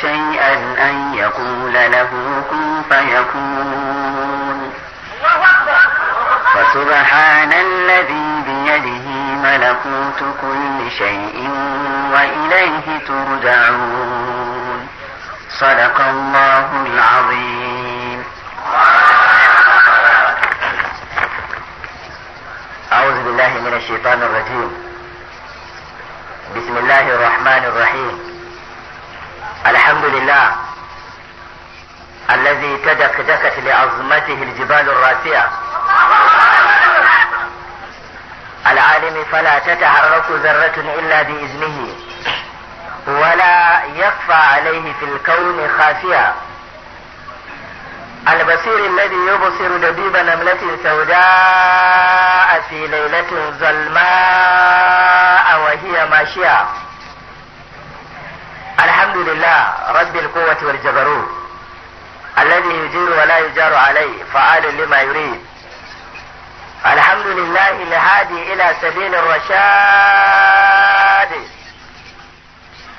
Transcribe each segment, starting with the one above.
شيئا أن يقول له كن فيكون فسبحان الذي بيده ملكوت كل شيء وإليه ترجعون صدق الله العظيم أعوذ بالله من الشيطان الرجيم بسم الله الرحمن الرحيم الحمد لله الذي تدك دكت لعظمته الجبال الراسية العالم فلا تتحرك ذرة إلا بإذنه ولا يخفى عليه في الكون خافية البصير الذي يبصر دبيب نملة سوداء في ليلة ظلماء وهي ماشية الحمد لله رب القوة والجبروت الذي يجير ولا يجار عليه فعال لما يريد الحمد لله الهادي إلى سبيل الرشاد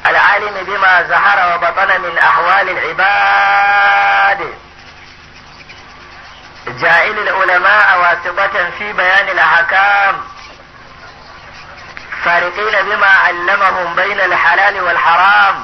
العالم بما زهر وبطن من أحوال العباد جائل العلماء واسطة في بيان الأحكام فارقين بما علمهم بين الحلال والحرام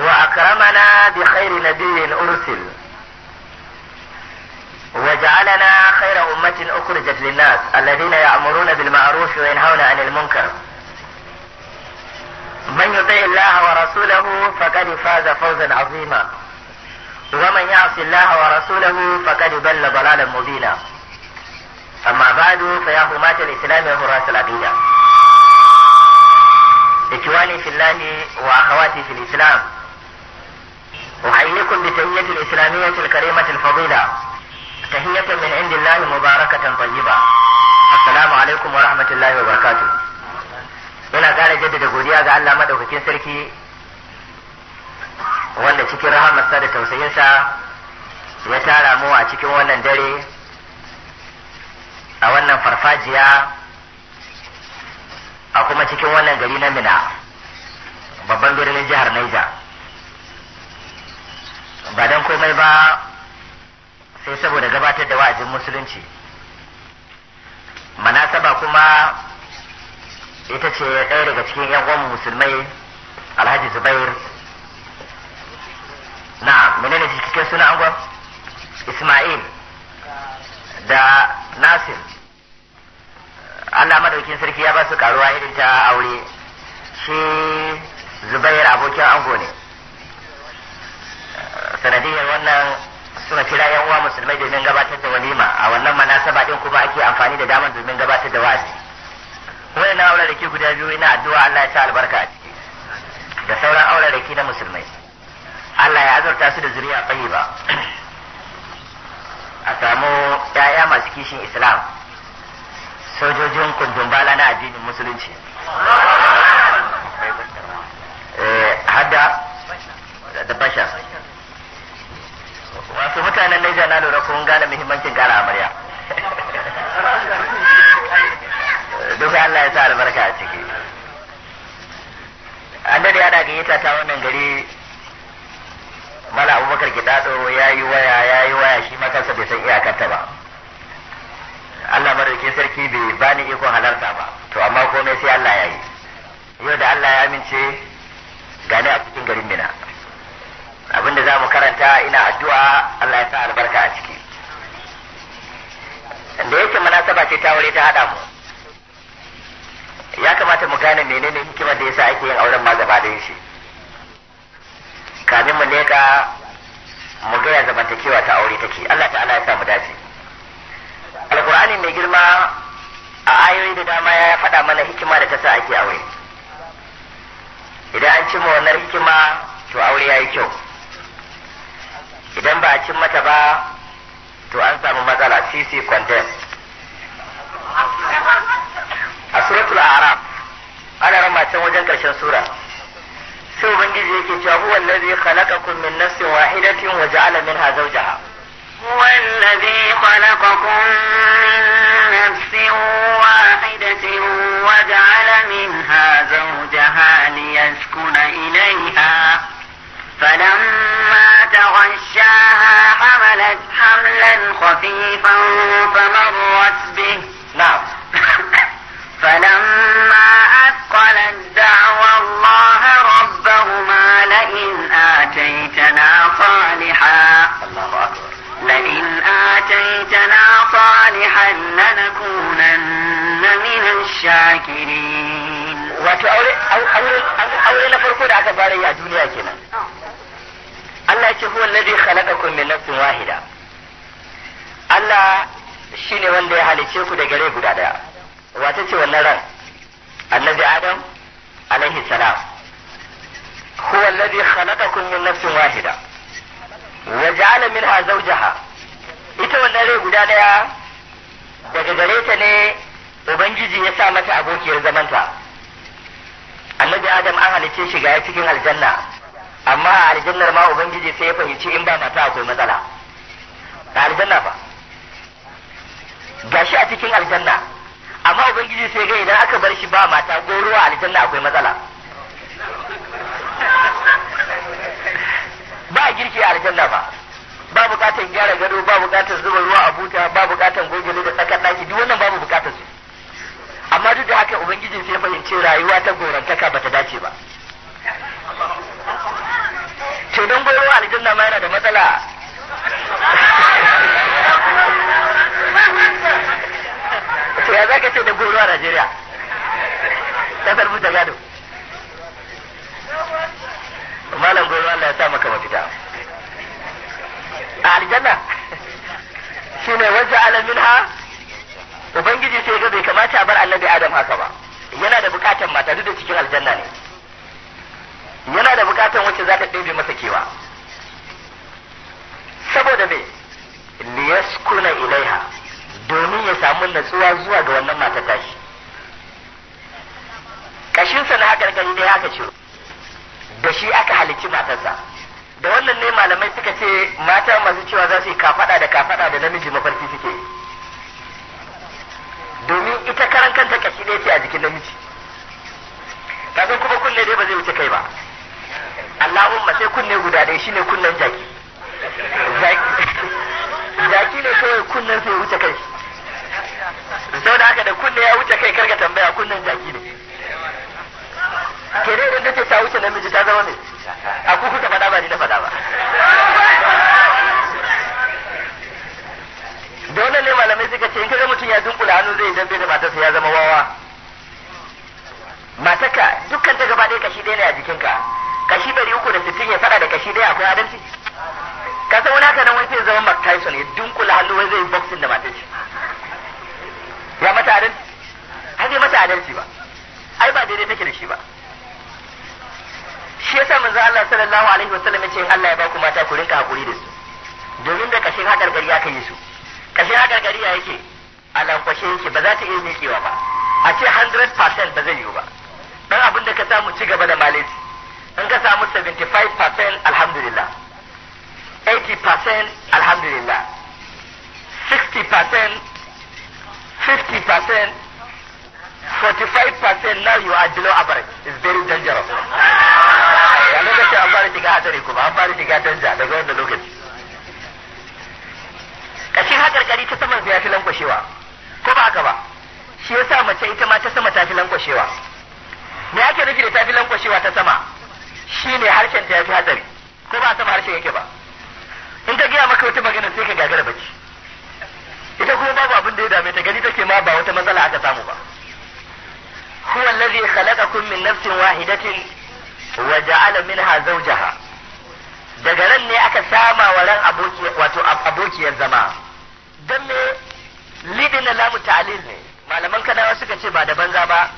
وأكرمنا بخير نبي أرسل وجعلنا خير أمة أخرجت للناس الذين يأمرون بالمعروف وينهون عن المنكر من يطع الله ورسوله فقد فاز فوزا عظيما ومن يعص الله ورسوله فقد بل ضلالا مبينا أما بعد فيا هماة الإسلام وهراس العقيدة إخواني في الله وأخواتي في الإسلام أحييكم بتحية الإسلامية الكريمة الفضيلة تحية من عند الله مباركة طيبة السلام عليكم ورحمة الله وبركاته ina ƙara jaddada godiya ga Allah madaukakin sarki wanda cikin rahamarsa da tausayinsa ya tara mu a cikin wannan dare a wannan farfajiya a kuma cikin wannan gari na mina babban birnin jihar Niger ba don komai ba sai saboda gabatar da wa'azin musulunci manasaba kuma ita ce ɗaya daga cikin 'yan uwan musulmai alhaji zubair na menene cikin suna angon ismail da nasir allah madaukin sarki ya ba su karuwa irin ta aure shi zubair abokin ango ne sanadiyar wannan suna kira yan uwa musulmai domin gabatar da walima a wannan manasaba din kuma ake amfani da damar domin gabatar da wa'azi na aure da ke guda biyu ina addu'a Allah ya sa albarka a ciki da sauran aure da ke na musulmai Allah ya azurta su da zuriya ba. a samu yaya masu kishin islam sojojin kundumbala na addinin musulunci eh, hadda da bashar Wasu mutanen Naija na lura kun gane muhimmancin gara amarya duk Allah ya sa albarka a ciki an dade ana gayyata ta wannan gari mala abubakar kidado ya yi waya ya yi waya shi makansa bai san iyakar ta ba Allah madaukin sarki bai bani ikon halarta ba to amma komai sai Allah ya yi yau da Allah ya amince gane a cikin garin Mina abinda za mu karanta ina addu'a Allah ya sa albarka a ciki da yake munasaba ce ta aure ta hada mu ya kamata mu gane menene hikimar da yasa ake yin auren ma gaba da shi kamin mu leka mu gaya zamantakewa ta aure take Allah ta'ala ya sa mu dace alqur'ani mai girma a ayoyi da dama ya faɗa mana hikima da ta sa ake aure idan an cimma wannan hikima to aure ya yi kyau idan ba a cin mata ba to an samu matsala cc condemn a suratul araf ana rama can wajen karshen sura sai ubangiji yake cewa huwa allazi khalaqakum min nafsin wahidatin wa ja'ala minha zawjaha هو الذي خلقكم من نفس واحدة وجعل منها زوجها ليسكن إليها فلما تغشى فغشاها حملت حملا خفيفا فمرت به نعم فلما أثقلت دعوى الله ربهما لئن آتيتنا صالحا الله أكبر لئن آتيتنا صالحا لنكونن من الشاكرين أولي أولي أولي أولي أولي أولي أولي أولي أولي أولي أولي أولي kenan Allah ce huwa alladhi khalaqakum min nafsin wahida Allah shine wanda ya halice ku da gare guda daya wata ce wannan ran annabi Adam alaihi salam huwa alladhi khalaqakum min nafsin wahida wa ja'ala minha zawjaha ita wannan rai guda daya daga gare ta ne ubangiji ya sa mata abokiyar zamanta annabi Adam an halice shi ga cikin aljanna amma a aljannar ma ubangiji sai ya fahimci in ba mata akwai matsala a aljanna ba gashi a cikin aljanna amma ubangiji sai ga idan aka bar shi ba mata ko ruwa aljanna akwai matsala ba girki a aljanna ba ba bukatan gyara gado ba bukatan zuba ruwa a buta ba bukatan gogele da tsakar daki duk wannan babu bukatan su amma duk da haka ubangijin sai fahimci rayuwa ta gorantaka bata dace ba Dodon goro aljanna ma yana da matsala. To ya zaka ce da goro a Najeriya? ta sarfi da Gado. Malam goro Allah ya sa maka mafita. A aljanna shi ne wajen alamin ha Ubangiji sai ga bai kamata a bar Allah annabi Adam haka ba. Yana da bukatan mata duk da cikin aljanna ne. yana da bukatan wacce za ta ɗebe masa kewa saboda me kuna ilaiha domin ya samu natsuwa zuwa ga wannan mata tashi kashinsa na haka ne haka ce da shi aka halicci matarsa da wannan ne malamai suka ce mata masu cewa za su yi kafada da kafada da namiji mafarki suke domin ita karan kanta kashi ne ce a jikin namiji kasan kuma kunne dai ba zai wuce kai ba umma sai kunne guda ɗaya shine kunnen jaki jaki ne kawai kunnen sai wuce kai sau da haka da kunne ya wuce kai karka tambaya kunnen jaki ne kere da idan nace ta wuce namiji ta zama ne a kuku ta faɗa ba ni na faɗa ba da wannan ne malamai suka ce in kaga mutum ya dunkula hannu zai dambe da matarsa ya zama wawa matarka dukkan ta gaba ɗaya kashi ɗaya ne a jikinka kashi dari uku da sittin ya faɗa da kashi daya akwai adalci ka san wani haka nan wani zai zama Mark Tyson ya dunkula hannu wai zai boxing da matar shi ya mata adalci har zai mata adalci ba ai ba daidai take da shi ba shi yasa manzo Allah sallallahu alaihi wasallam ya ce in Allah ya ba ku mata ku rinka hakuri da su domin da kashin hadar gari aka yi su kashin hadar gari ya yake a kwashe yake ba za ta iya miƙewa ba a ce 100% ba zai yiwu ba dan abin da ka samu ci gaba da malaiti in ka samu 75% alhamdulillah 80% alhamdulillah 60% 50% 45% now you are below average it's very dangerous ya lokacin an fara shiga hatsari kuma an fara shiga danja daga wanda lokaci hakar gari ta saman ya fi lankwashewa ko ba haka ba shi yasa mace ita ma ta sama ta fi lankwashewa me ake nufi da ta fi lankwashewa ta sama shi ne harshen ta fi hatsari ko ba sama harshen yake ba in ta gaya maka wata magana sai ka gagara bacci ita kuma babu abin da ya dame ta gani take ma ba wata matsala aka samu ba huwa allazi khalaqakum min nafsin wahidatin wa ja'ala minha zawjaha daga ran ne aka sama wa ran aboki wato abokiyar zama dan me lidin lamu ta'alil ne malaman kadawa suka ce ba da banza ba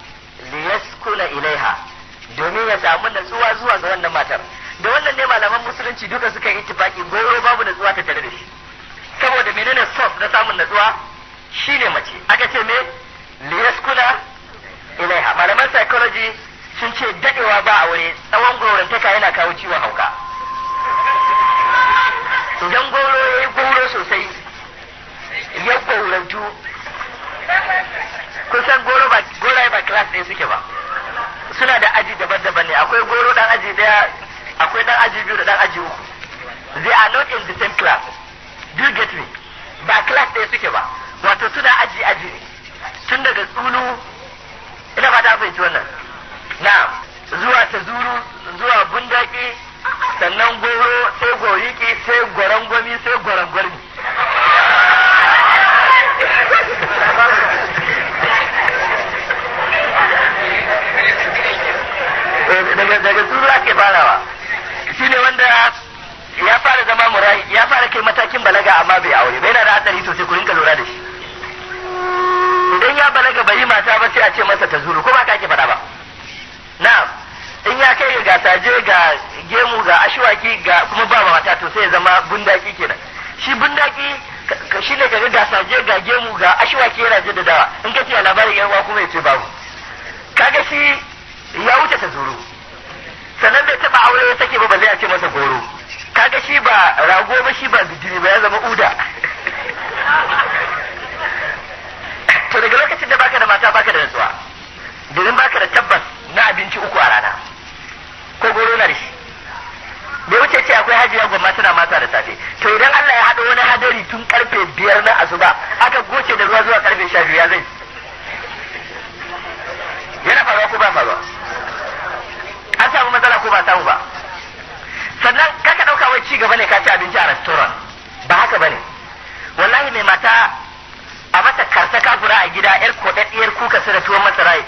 liyaskuna ilaiha domin ya samu natsuwa zuwa ga wannan matar da wannan ne malaman musulunci duka suka yi ittifaki gowe babu natsuwa ta tare da shi saboda menene source na samun natsuwa shine mace aka ce me liyaskuna ilaiha malaman psychology sun ce dadewa ba a wuri tsawon gorantaka yana kawo ciwon hauka idan goro ya yi goro sosai ya gorantu kusan goro ba goraye ba class ɗin suke ba suna da aji daban-daban ne akwai goro dan aji daya akwai dan aji biyu da dan aji uku they are not in the same class do you get me ba class ɗaya suke ba wato suna aji aji ne tun daga tsulu ina fata fahimci wannan na zuwa ta zuru zuwa bundaki sannan goro sai goriki sai gwarangwami sai gwarangwarmi daga zuwa ke farawa shi ne wanda ya fara zama murai ya fara kai matakin balaga amma bai aure bai na da hatsari sosai ku rinka lura da shi idan ya balaga bai mata ba sai a ce masa ta zuru ko ba ka ake faɗa ba na in ya kai ga saje ga gemu ga ashwaki ga kuma ba mata to sai ya zama bundaki kenan shi bundaki shi ne kaga ga saje ga gemu ga ashwaki yana dawa in ka ce labarin yan uwa kuma ya ce babu kaga shi ya wuce ta zuru sannan bai taba aure ya sake ba balle a ce masa goro kaga shi ba rago ba shi ba bijiri ba ya zama uda to daga lokacin da baka da mata baka da nutsuwa domin baka da tabbas na abinci uku a rana ko goro na da shi bai wuce ce akwai hajiya gwamma tana mata da safe to idan Allah ya haɗa wani hadari tun karfe biyar na asuba aka goce da ruwa zuwa karfe sha biyu ya zai yana faruwa ko ba faruwa an samu matsala ko ba samu ba sannan kaka ɗauka wai cigaba ne ka ci abinci a restaurant ba haka ba ne wallahi mai mata a masa karta kafura a gida yar kodaddiyar kuka su da tuwon masara ya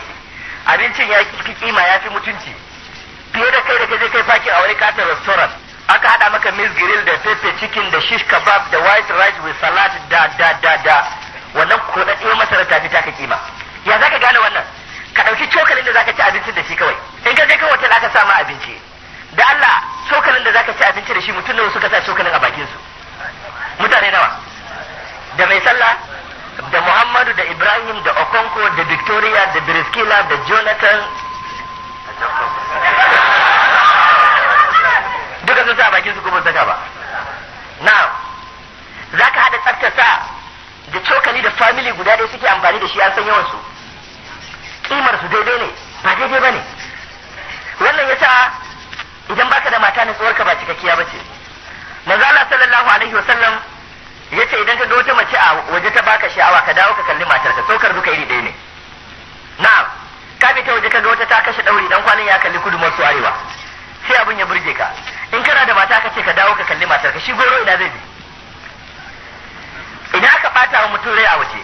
abincin ya fi kima ya fi mutunci fiye da kai da kaje kai faki a wani katin restaurant aka haɗa maka miss grill da pepe chicken da shish kebab da white rice with salad da da da da wannan kodaddiyar masara ta fi ta kima ya zaka gane wannan ka ɗauki cokalin da zaka ci abincin da shi kawai in ka je ka hotel aka sa ma abinci da Allah cokalin da zaka ci abinci da shi mutum nawa suka sa cokalin a bakin su mutane nawa da mai sallah da Muhammadu da Ibrahim da Okonko da Victoria da Briskila da Jonathan duka sun sa bakin su kuma saka ba na'am zaka hada sa da cokali da family guda ɗaya suke amfani da shi an san yawan su kimar su daidai ne ba daidai bane ne wannan yasa idan baka da mata nutsuwar ka ba cikakkiya bace manzo Allah sallallahu alaihi wasallam yace idan ka ga wata mace a waje ta baka sha'awa ka dawo ka kalli matar ka saukar duka iri ɗaya ne na'am ka bi ta waje ka ga wata ta kashe ɗauri dan kwanin ya kalli kudu su arewa sai abin ya burge ka in kana da mata ka ce ka dawo ka kalli matar ka shi goro ina zai bi idan aka bata wa mutum rai a waje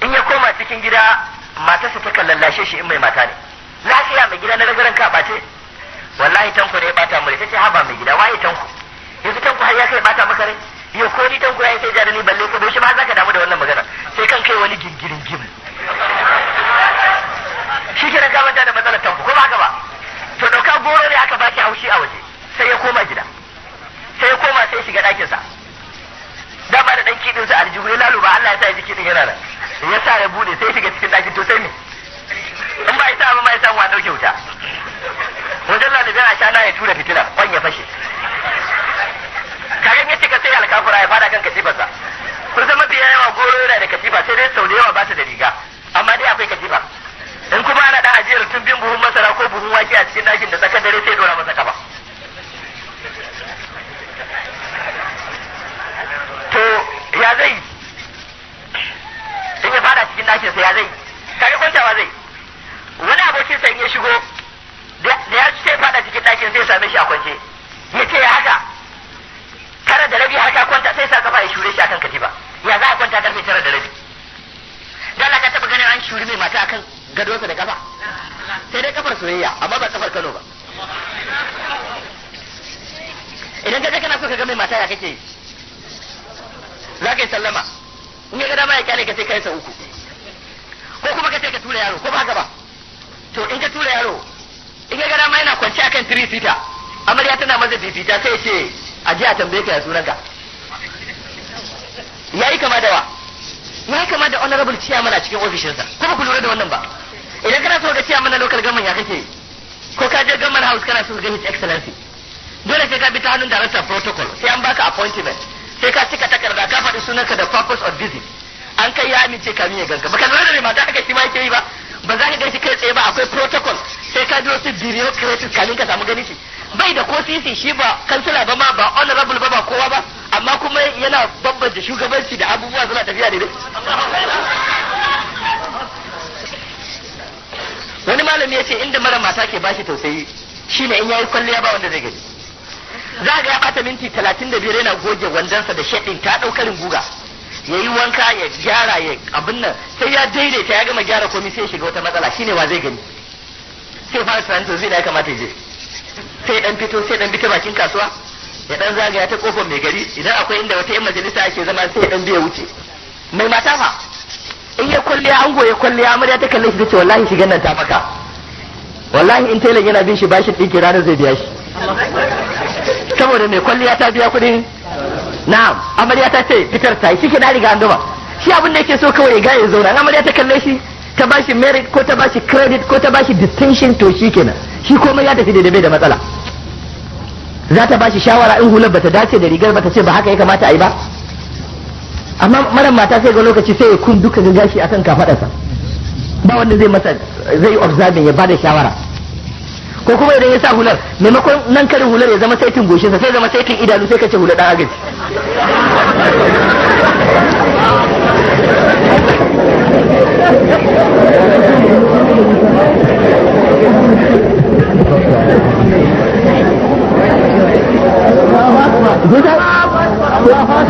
in ya koma cikin gida matarsa ta kallallashe shi in mai mata ne lafiya mai gida na rabaran ka bace wallahi tanko ne ya bata mu ta ce ba mai gida waye tanko yanzu tanko har ya kai bata maka rai yau ko ni tanko ya kai jarumi balle ko shi ma za ka damu da wannan magana sai kan kai wani gingirin gim shi kira ka manta da matsalar tanko ko ba haka ba to dauka goro ne aka baki haushi a waje sai ya koma gida sai ya koma sai shiga sa dama da ɗan kiɗinsa aljihu ya laluba Allah ya sa ya ji kiɗin yana nan ya sa ya bude sai shiga cikin ɗakin to sai ne in ba isa abin ba isa wa dauke wuta mujalla da a na ya tura fitina kwan ya fashe kagan ya cika sai alkafura ya fada kan katifarsa kun san mafi yawa goro yana da katifa sai dai sau da yawa ba ta da riga amma dai akwai katifa in kuma ana da ajiyar tun bin buhun masara ko buhun wake a cikin dakin da tsakar dare sai dora masa kafa to ya zai in ya fada cikin dakin sai ya zai kare kwantawa zai wani abokin sa in ya shigo da ya ce fada cikin ɗakin zai same shi a kwance ya ce ya haka tara da rabi har ka kwanta sai sa kafa ya shure shi akan katiba ya za a kwanta karfe tara da rabi da Allah ka taba ganin an shuri mai mata akan gadonsa da kafa sai dai kafar soyayya amma ba kafar Kano ba idan ka kana so ka ga mai mata ya kake za ka yi sallama in ya ga dama ya kyale ka sai ka yi sa uku ko kuma ka sai ka tura yaro ko ba haka ba to in ka tura yaro in ka gara ma yana kwance akan three seater amarya tana maza fifita sai ce a ji a tambaye ka ya ka ya yi kama da wa ya yi kama da honorable chairman a cikin ofishinsa kuma ku lura da wannan ba idan kana so ga chairman na local government ya kake ko ka je government house kana so ga his excellency dole sai ka bi ta hannun director protocol sai an baka appointment sai ka cika takarda ka faɗi sunanka da purpose of visit an kai ya amince kamin ya ganka ka lura da ma mata aka shi ma yake yi ba ba za ka gan kai tsaye ba akwai protocol sai ka biyo su bureaucratic kamin ka samu ganin shi bai da ko sisi shi ba kansila ba ma ba honorable ba ba kowa ba amma kuma yana bambanta shugabanci da abubuwa suna tafiya ne wani malami ya ce inda mara mata ke bashi tausayi shi ne in yayi kwalliya ba wanda zai gani za ga ya bata minti talatin da biyar yana goge wandansa da shaɗin ta ɗaukarin guga ya yi wanka ya gyara ya abin nan sai ya daidaita ya gama gyara komai sai shiga wata matsala shine wa zai gani sai fara tunanin to zai da ya kamata ya je sai dan fito sai dan bi bakin kasuwa ya dan zagaya ta kofar mai gari idan akwai inda wata yan majalisa ake zama sai dan biya wuce mai mata fa in ya kwalliya ango ya kwalliya amarya ta kalle shi ce wallahi shigan nan ta maka wallahi in tailan yana bin shi bashin dinki ranar zai biya shi saboda mai kwalliya ta biya kudin na'am amarya ta ce fitar ta yi shi ke na riga an shi abin da yake so kawai ga ya zauna amarya ta kalle shi ta ba shi merit ko ta ba shi credit ko ta ba shi distinction to shi kenan shi komai ya tafi da bai da matsala za ta ba shi shawara in hular bata dace da rigar bata ce ba haka ya kamata a yi ba amma maran mata sai ga lokaci sai ya kun duka gashi akan kafadarsa ba wanda zai masa zai observing ya bada shawara ko kuma idan ya sa hular maimakon nan karin hular ya zama saitin goshinsa sai zama saitin idanu sai kace hular dan agaji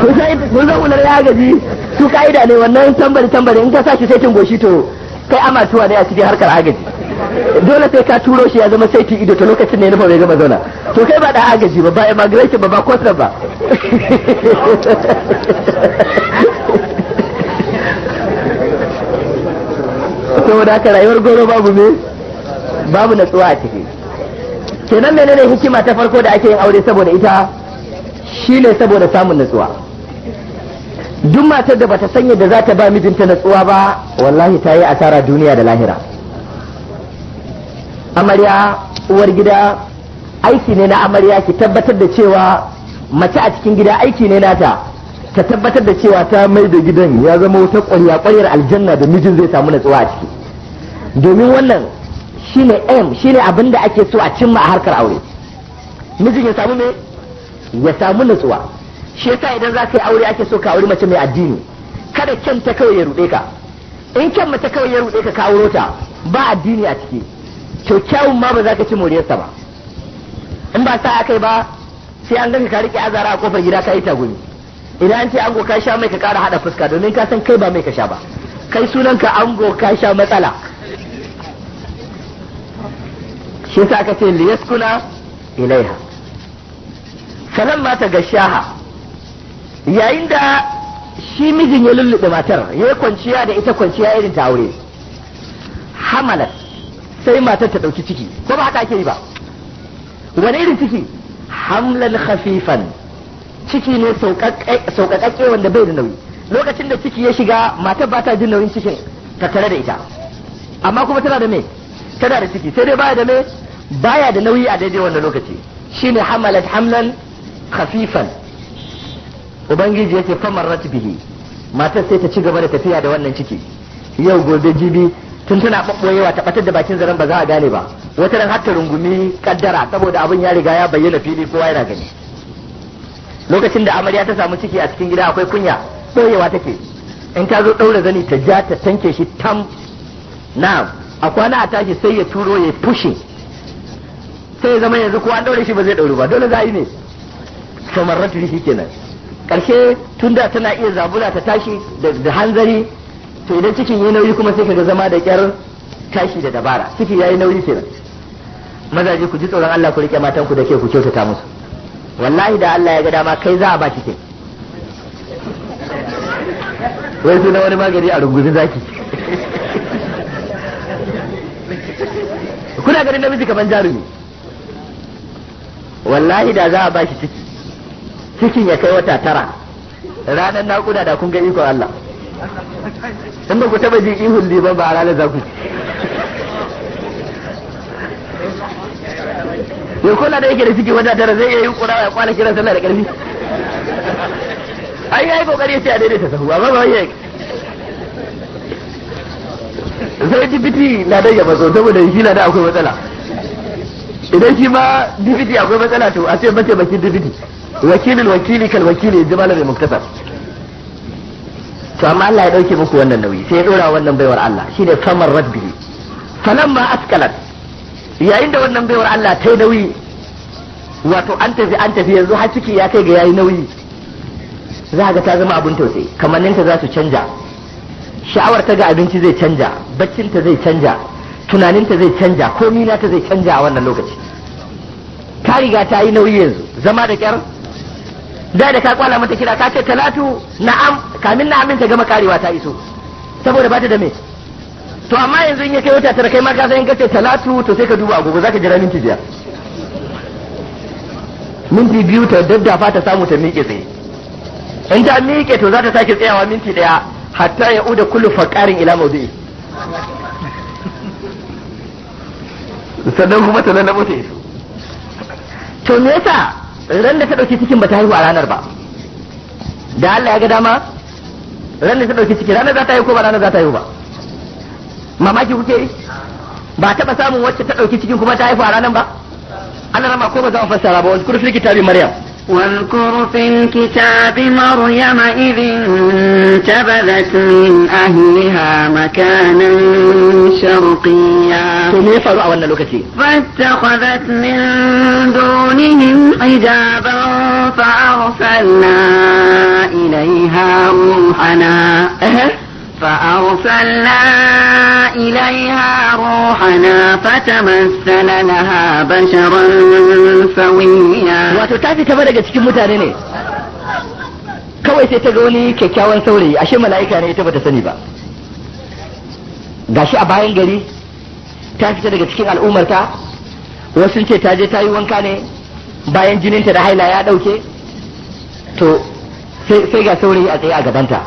Kun san hular ya gaji su ka'ida ne wannan tambari tambari in ka sa shi saitin goshi to kai amatuwa ne a cikin harkar agaji. dole sai ka turo shi ya zama saiti ido ta lokacin ne nufa bai gama zauna to kai ba da agaji ba ba immigration ba ba kwasa ba saboda haka rayuwar goro babu me babu natsuwa a ciki kenan menene hikima ta farko da ake yin aure saboda ita shi ne saboda samun natsuwa duk matar da bata sanya da za ta ba mijinta natsuwa ba wallahi ta yi asara duniya da lahira amarya uwar gida aiki ne na amarya ki tabbatar da cewa mace a cikin gida aiki ne nata ta tabbatar da cewa ta mai da gidan ya zama wata ƙwarya ƙwaryar aljanna da mijin zai samu natsuwa a ciki domin wannan shine m shine abin da ake so a cimma a harkar aure mijin ya samu me ya samu natsuwa shi yasa idan za ka yi aure ake so ka aure mace mai addini kada kyan ta kawai ya ruɗe ka in kyan mace kawai ya ruɗe ka ka auro ta ba addini a ciki kyakkyawan ma ba za ka ci moriyarsa ba in ba sa yi ba sai an ganka ka rike azara a kofar gida ka yi tagumi idan an ce ango ka sha mai ka kara hada fuska domin ka san kai ba mai ka sha ba kai sunan ka ango ka sha matsala shi sa aka ce liyaskuna ilaiha sanan ma ta shaha yayin da shi mijin ya lullube matar ya kwanciya da ita kwanciya irin ta aure hamalat sai matar ta ɗauki ciki ko ba haka ake yi ba wani irin ciki hamlan khafifan ciki ne sauƙaƙaƙe wanda bai da nauyi lokacin da ciki ya shiga matar ba ta jin nauyin cikin tattare da ita amma kuma tana da me tana da ciki sai dai baya da me baya da nauyi a daidai wannan lokaci shine hamalat hamlan khafifan ubangiji yake famar ratbihi matar sai ta ci gaba da tafiya da wannan ciki yau gobe jibi tun tana ɓaɓɓoyewa ta ɓatar da bakin zaren ba za a gane ba wata ran hatta rungumi kaddara saboda abin ya riga ya bayyana fili kowa yana gani lokacin da amarya ta samu ciki a cikin gida akwai kunya ɓoyewa take in ta zo ɗaura zani ta ja ta tanke shi tam na a kwana a tashi sai ya turo ya fushi sai ya zama yanzu ko an ɗaure shi ba zai ɗauri ba dole za a yi ne samarratu shi kenan ƙarshe tun da tana iya zabula ta tashi da hanzari to idan cikin yi nauyi kuma sai kaga zama da kyar kashi da dabara ciki yayi nauyi kenan mazaje ku ji tsoron Allah ku rike matan ku da ke ku kyautata musu wallahi da Allah ya ga dama kai za a ba cikin wai suna wani magani a rungumi zaki kuna ganin namiji kaman jarumi wallahi da za a ba shi ciki cikin ya kai wata tara ranar naƙuda da kun ga ikon Allah in ba ku taba jin ihun liman ba a ranar za ku ya kula da yake da ciki wajen tara zai iya yi kura ya kwana kiran sallah da karfi ai yayi kokari sai a daidaita sahu amma ba wai sai dibiti na da ya bazo saboda shi na da akwai matsala idan shi ma dibiti akwai matsala to a ce mace bakin dibiti wakilin wakili kal wakili jama'a mai muktasar to amma Allah ya dauke muku wannan nauyi sai ya dora wannan baiwar Allah shine kamar rabbi falamma askalat yayin da wannan baiwar Allah ta yi nauyi wato an tafi an tafi yanzu har ciki ya kai ga yayi nauyi za ga ta zama abin tausayi kamanninta za su canja sha'awar ta ga abinci zai canja baccinta zai canja tunaninta zai canja komi ta zai canja a wannan lokaci ta riga ta yi nauyi yanzu zama da kyar da da ka kwala mata kira ka ce talatu na'am kamin na aminta gama karewa ta iso saboda ba ta da me to amma yanzu in ya kai wata tara kai ma ka san ka ce talatu to sai ka duba agogo zaka jira minti biyar minti biyu ta daddafa ta samu ta miƙe tsaye in ta miƙe to za ta sake tsayawa minti ɗaya hatta ya uda kullu faqarin ila mawdi'i sannan kuma ta lallabo mutu iso to me yasa ran da ta dauki cikin ta haihu a ranar ba da Allah ya ga dama ran da ta dauki ciki ranar za ta haihu ko ba ranar za ta haihu ba mamaki kuke ba taba samun wacce ta dauki cikin kuma ta haihu a ranar ba Allah rama ko ba za mu fassara ba wani kurfin kitabin Maryam واذكر في الكتاب مريم إذ انتبذت من أهلها مكانا شرقيا فاتخذت من دونهم حجابا فأرسلنا إليها روحنا فأرسلنا إليها روحنا فتمثل لها بشرا سويا وتتافي كما daga cikin mutane ne kawai sai ta ga wani kyakkyawan saurayi ashe mala'ika ne ita bata sani ba gashi a bayan gari ta fita daga cikin al'ummarta wasu ce ta je ta yi wanka ne bayan jininta da haila ya ɗauke to sai ga saurayi a tsaye a gabanta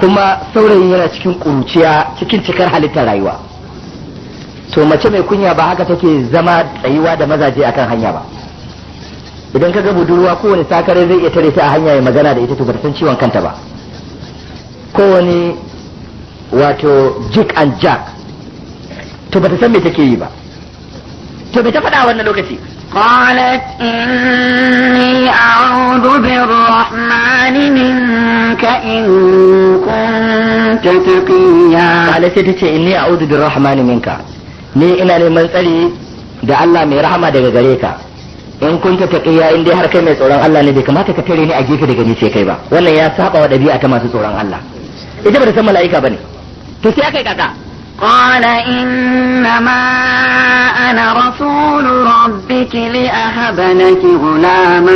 kuma saurayin yana cikin ƙuruciya cikin cikar halittar rayuwa to mace mai kunya ba haka take zama tsayuwa da mazaje akan hanya ba idan ka ga budurwa kowane takare zai iya tare ta a hanya ya magana da ita to bata san ciwon kanta ba kowane wato jik and jack to bata san me take yi ba to bai ta faɗa wannan lokaci قالت إني أعوذ بالرحمن منك إن كنت تقيا قالت تتي إني أعوذ بالرحمن منك ni ina neman tsari da Allah mai rahama daga gare ka in kun ta taqiya in dai har kai mai tsoron Allah ne bai kamata ka tare ni a gefe daga ni kai ba wannan ya saba wa dabi'a ta masu tsoron Allah ita ba ta san mala'ika bane to sai aka yi kaka قال إنما أنا رسول ربك لأهب لك غلاما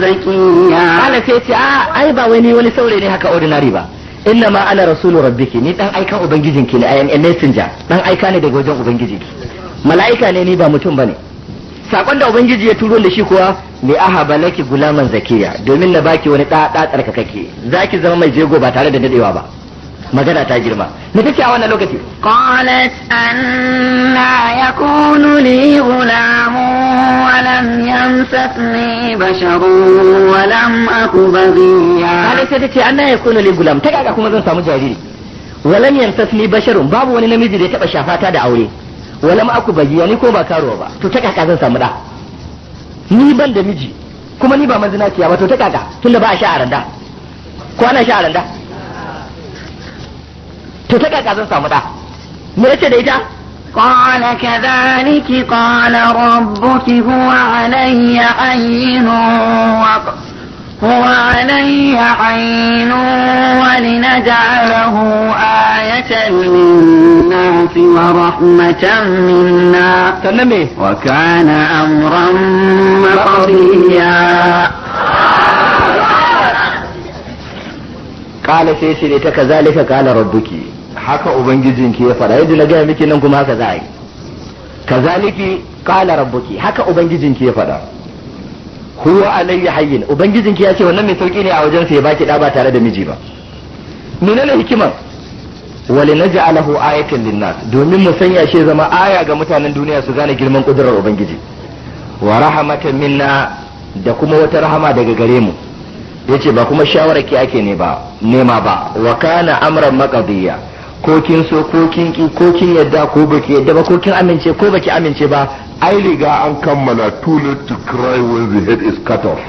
زكيا قال سيتي آه أي با ويني ولي سوري لي هكا أورديناري با إنما أنا رسول ربك ني دان أيكا أوبنجيجينك لأي أم ميسنجا دان أيكا ني daga wajen ubangijinki mala'ika ne ni ba mutum bane sakon da ubangiji ya turo da shi kuwa li ahaba laki gulaman zakiya domin na baki wani da kake. tsarkakake zaki zama mai jego ba tare da dadewa ba magana ta girma me kake a wannan lokaci qalat anna yakunu li ghulam wa lam yamsasni basharu wa lam aku baghiya kada sai tace anna yakunu li ghulam ta kaga kuma zan samu jariri wa lam yamsasni basharun babu wani namiji da ya taba shafata da aure wa lam aku baghiya ni ko ba karuwa ba to ta kaka zan samu da ni ban da miji kuma ni ba manzinaciya ba to ta kaka tunda ba a sha'aranda ko ana sha'aranda to ta kaka zan samu ta me yace da ita قال كذلك قال ربك هو علي هين هو علي عين ولنجعله آية للناس ورحمة منا وكان أمرا مقضيا قال ne ta قال ربك haka ubangijin ki ya faɗa yaji na gaya miki nan kuma haka za a yi kazaliki qala rabbuki haka ubangijin ki ya faɗa huwa alayya hayyin ki ya ce wannan mai sauki ne a wajen sa ya baki da ba tare da miji ba menene hikimar walinaj'alahu ayatan linnas domin mu sanya shi zama aya ga mutanen duniya su gane girman kudurar ubangiji wa rahmatan minna da kuma wata rahama daga gare mu yace ba kuma shawarar ki ake ne ba nema ba wa kana amran maqdiya ko kin so ko kin ki ko kin yadda ko baki yadda ba ko kin amince ko baki amince ba ai riga an kammala too late to cry when the head is cut off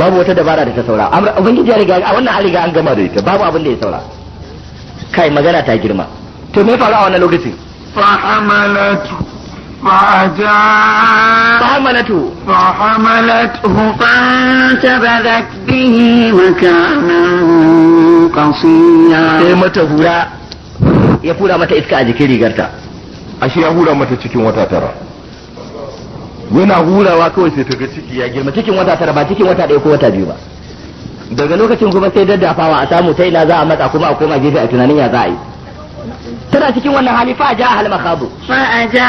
babu wata dabara da ta saura amma ubangiji ya riga a wannan an riga an gama da ita babu abin da ya saura kai magana ta girma to me faru a wannan lokacin fa amalatu فأجاء فحملته فحملته فانتبذت به مكانا قصيا sai mata hura ya fura mata iska a jikin rigarta ashe ya hura mata cikin wata tara yana يا kawai sai ta ciki ya girma cikin wata tara ba cikin wata ba daga lokacin kuma sai daddafawa a samu ta ina za a matsa kuma a koma gefe a tunanin ya za a yi tana cikin wannan hali fa ja ahal makhabu fa ja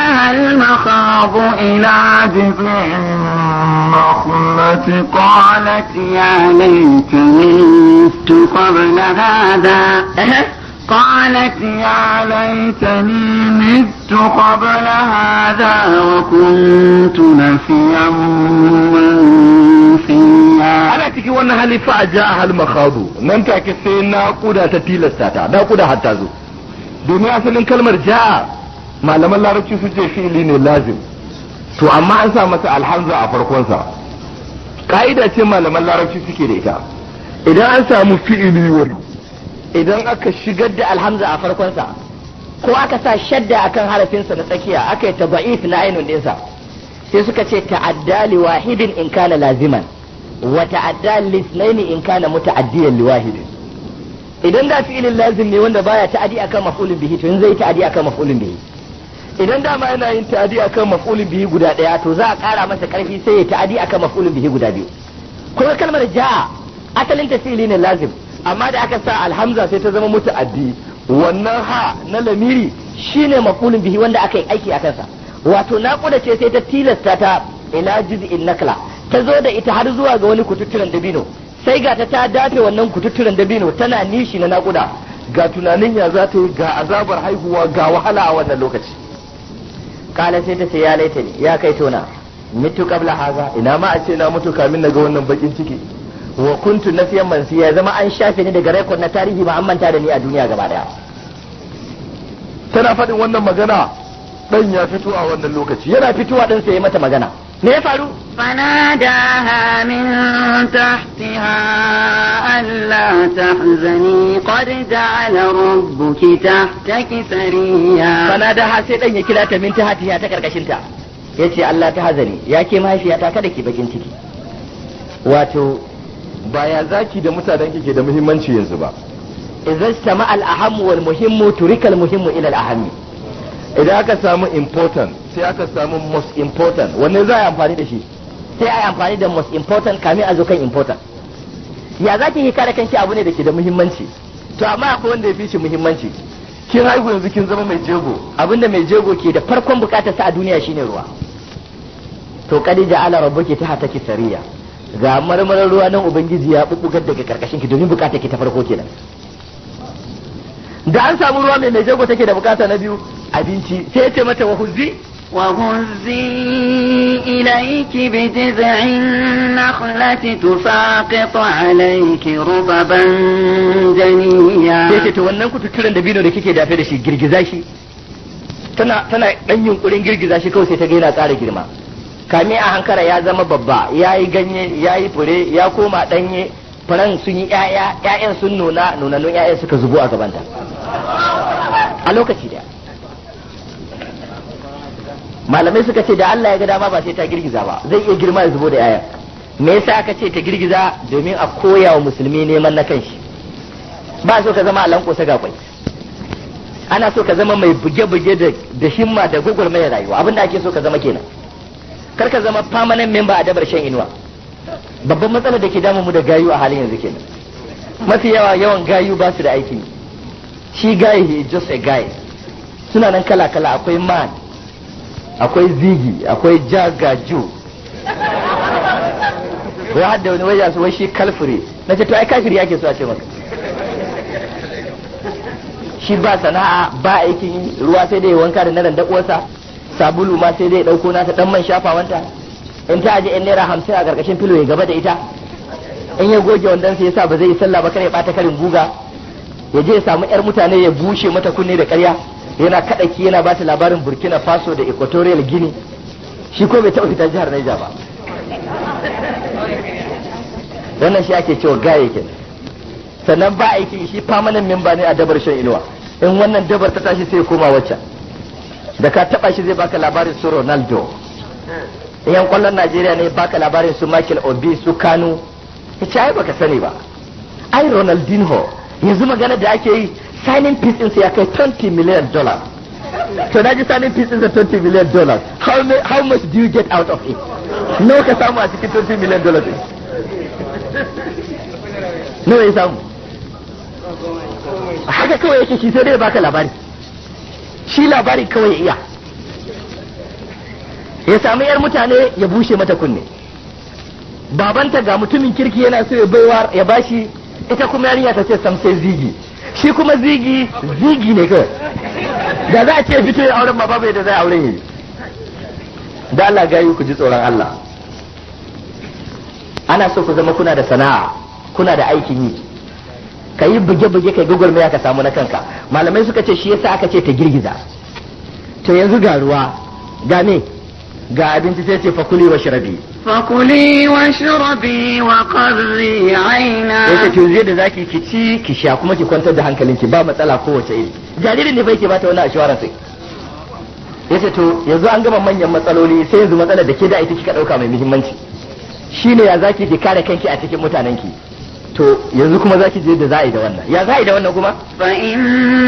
ahal makhabu ila jifin makhlati qalat ya laitani tu qabla hada قالت يا ليتني مت قبل هذا وكنت نفيا منسيا حالتك وانا هلفاء جاءها المخاض نمتع كسين ناقودة تتيل الساتة ناقودة حتى زو دنيا سلين كلمة جاء ما لما لا ركي سجي في ليني لازم تو اما أنسى مثلا الحمزة افرقوانسا قايدة تيما لما لا ركي سكي ريتا اذا انسا مفئني ورد idan aka shigar da alhamza a farkonsa ko aka sa shadda akan harafinsa na tsakiya aka yi taba'if na ainun ɗinsa sai suka ce ta'adda liwahidin in kana laziman wa ta'adda lisnaini in kana muta'addiyan addiyar wahidin idan da fi'ilin lazim ne wanda baya ta'adi akan maf'ulin bihi to in zai ta'adi akan maf'ulin bihi idan dama yana yin ta'adi akan maf'ulin bihi guda daya to za a kara masa karfi sai ya ta'adi akan maf'ulin bihi guda biyu kuma kalmar ja'a asalin ta ne lazim amma da aka sa alhamza sai ta zama muta'addi wannan ha na lamiri shine makulun bihi wanda aka yi aiki a kansa wato naƙuda ce sai ta tilasta ta ila in nakla ta zo da ita har zuwa ga wani kututturen dabino sai ga ta ta dafe wannan kututturen dabino tana nishi na naƙuda ga tunanin ya za ta yi ga azabar haihuwa ga wahala a wannan lokaci kala sai ta ce ya laita ya kai tona mitu qabla haza ina ma a ce na mutu kamin na ga wannan bakin ciki wa kuntu nasiyan mansi ya zama an shafe ni daga rekod na tarihi ba an manta da ni a duniya gaba daya tana faɗin wannan magana dan ya fito a wannan lokaci yana fitowa dan sai ya mata magana me ya faru fanadaha min tahtiha alla tahzani qad ja'ala rabbuki tahtaki sariya ha sai dan ya kira ta min tahtiha ta karkashin ta yace Allah ta hazani ya ke mahaifiyata kada ki bakin ciki wato ba ya zaki da mutanen ke da muhimmanci yanzu ba idan sama al'ahamu wal muhimmu turikal muhimmu ila al'ahami idan aka samu important sai aka samu most important wanne za a amfani da shi sai a amfani da most important kami a zo kan important ya zaki ki kare kanki abu ne da ke da muhimmanci to amma akwai wanda ya fi shi muhimmanci kin haihu yanzu kin zama mai jego abinda mai jego ke da farkon bukatarsa a duniya shine ruwa to kadija ala rabbuki ta hataki sariya ga marmarar ruwa nan ubangiji ya bubbugar daga karkashin ki domin bukata ki ta farko kenan da an samu ruwa mai mai jago take da bukata na biyu abinci sai ce mata wa huzzi wa huzzi ilayki bi jiz'in nakhlati tusaqitu alayki rubaban janiya sai ce to wannan kututturen da bino da kike dafe da shi girgiza shi tana tana dan yunkurin girgiza shi kawai sai ta ga yana ƙara girma kame a hankara ya zama babba ya yi ganye ya yi fure ya koma ɗanye furen sun yi ƴaƴa ƴaƴan sun nuna nunannun ƴaƴan suka zubo a gabanta a lokaci da malamai suka ce da Allah ya ga dama ba sai ta girgiza ba zai iya girma ya zubo da ƴaƴan me yasa aka ce ta girgiza domin a koya wa musulmi neman na kanshi ba so ka zama a lankosa ga kwai ana so ka zama mai buge-buge da himma da gwagwarmayar rayuwa abinda ake so ka zama kenan kar ka zama permanent member a dabar shan inuwa babban matsalar da ke damu mu da gayu a halin yanzu kenan mafi yawa yawan gayu ba su da aikin shi guy he is just a guy suna nan kala kala akwai man akwai zigi akwai jagaju wai hadda wani waje su wai shi kalfure na ce to ai kafiri yake so a ce maka shi ba sana'a ba aikin ruwa sai da wanka da na randa sabulu ma sai zai ɗauko nata ɗan man shafa wanta in ta aje yan naira hamsin a ƙarƙashin filo ya gaba da ita in ya goge wandon ya sa ba zai yi sallah ba kare ɓata karin guga ya je ya samu yar mutane ya bushe mata kunne da ƙarya yana kaɗaki yana ba ta labarin burkina faso da equatorial guinea shi ko bai taɓa fita jihar naija ba wannan shi ake cewa gaye ke sannan ba aiki shi famanin memba ne a dabar shan inuwa in wannan dabar ta tashi sai koma waccan da ka taba shi zai baka labarin su Ronaldo hmm. yan kwallon Najeriya ne baka labarin su Michael Obi su Kano ya ce ai baka sani ba ai Ronaldinho yanzu magana da ake yi signing fees din sa ya kai 20 million dollars to na ji signing fees din sa 20 million dollars how may, how much do you get out of it nawa ka samu a cikin 20 million dollars nawa ya samu haka kawai yake shi sai dai baka labari shi labari kawai ya iya ya sami yar mutane ya bushe mata kunne babanta ga mutumin kirki yana so ya baiwa ya bashi ita kuma yarinya ta ce sam sai zigi shi kuma zigi zigi ne kawai da za a ce fito ya auren ma babu da zai auren yi da Allah gayu ku ji tsoron Allah ana so ku zama kuna da sana'a kuna da aikin yi ka yi buge-buge ka kai gwagwarmaya ka samu na kanka malamai suka ce shi yasa aka ce ta girgiza to yanzu ga ruwa ga me ga abinci sai ce fakuli wa shirabi fakuli wa shirabi wa qarri aina yace ce zai da zaki ki ci ki sha kuma ki kwantar da hankalinki ba matsala kowace iri jaririn ne bai ke bata wani assurance sai yace to yanzu an gama manyan matsaloli sai yanzu matsalar da ke da ita kika dauka mai muhimmanci shine ya zaki ki kare kanki a cikin mutanenki to yanzu kuma zaki je da za'i da wannan ya za'i da wannan kuma fa in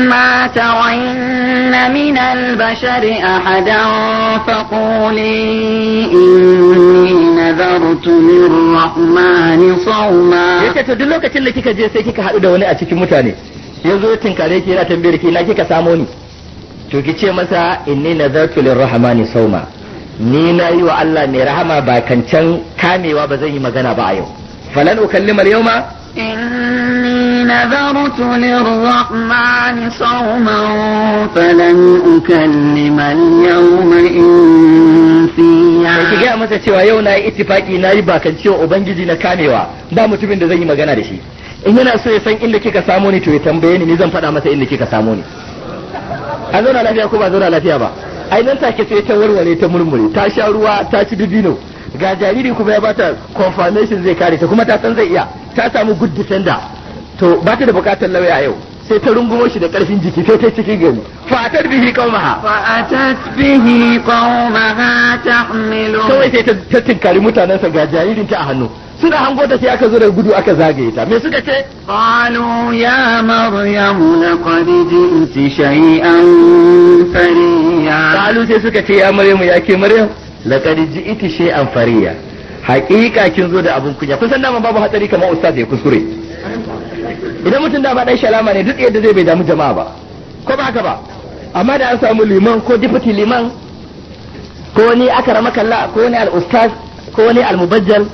ma tawayna min al-bashar ahadan fa quli inni nadartu lirrahman sawma yace to duk lokacin da kika je sai kika hadu da wani a cikin mutane yanzu ya tinkare ki yana tambayar ki ina kika samo ni to ki ce masa inni nadartu lirrahman sawma ni na yi wa Allah mai rahama ba kancan kamewa ba zan yi magana ba a yau falan ukallima al-yawma inni nadartu lir-rahmani sawman falan ukallima al-yawma insiya ki ga masa cewa yau na yi ittifaki na yi bakancewa ubangiji na kamewa ba mutumin da zan yi magana da shi in yana so ya san inda kika samo ni to ya tambaye ni ni zan faɗa masa inda kika samo ni an zauna lafiya ko ba zauna lafiya ba ai nan take sai ta warware ta murmure ta sha ruwa ta ci dibino ga jariri kuma ya bata confirmation zai kare ta kuma ta san zai iya ta samu good defender to ba ta da bukatar lauya yau sai ta rungumo shi da karfin jiki sai ta cikin gari fatar bihi qaumaha fatat bihi ta tahmilu kawai sai ta tinkari mutanen sa ga jaririn ta a hannu suna hango ta sai aka zo da gudu aka zagaye ta me suka ce qalu ya maryam laqad ji'ti shay'an fariya qalu sai suka ce ya maryam ya ke maryam laqad ji'ti shay'an fariya haƙiƙa kin zo da abun kunya kun san dama babu hatsari kamar ustaz ya kuskure idan mutum da ba dai shalama ne duk yadda zai bai damu jama'a ba ko ba haka ba amma da an samu liman ko deputy liman ko wani rama kalla ko wani al-ustaz ko wani al-mubajjal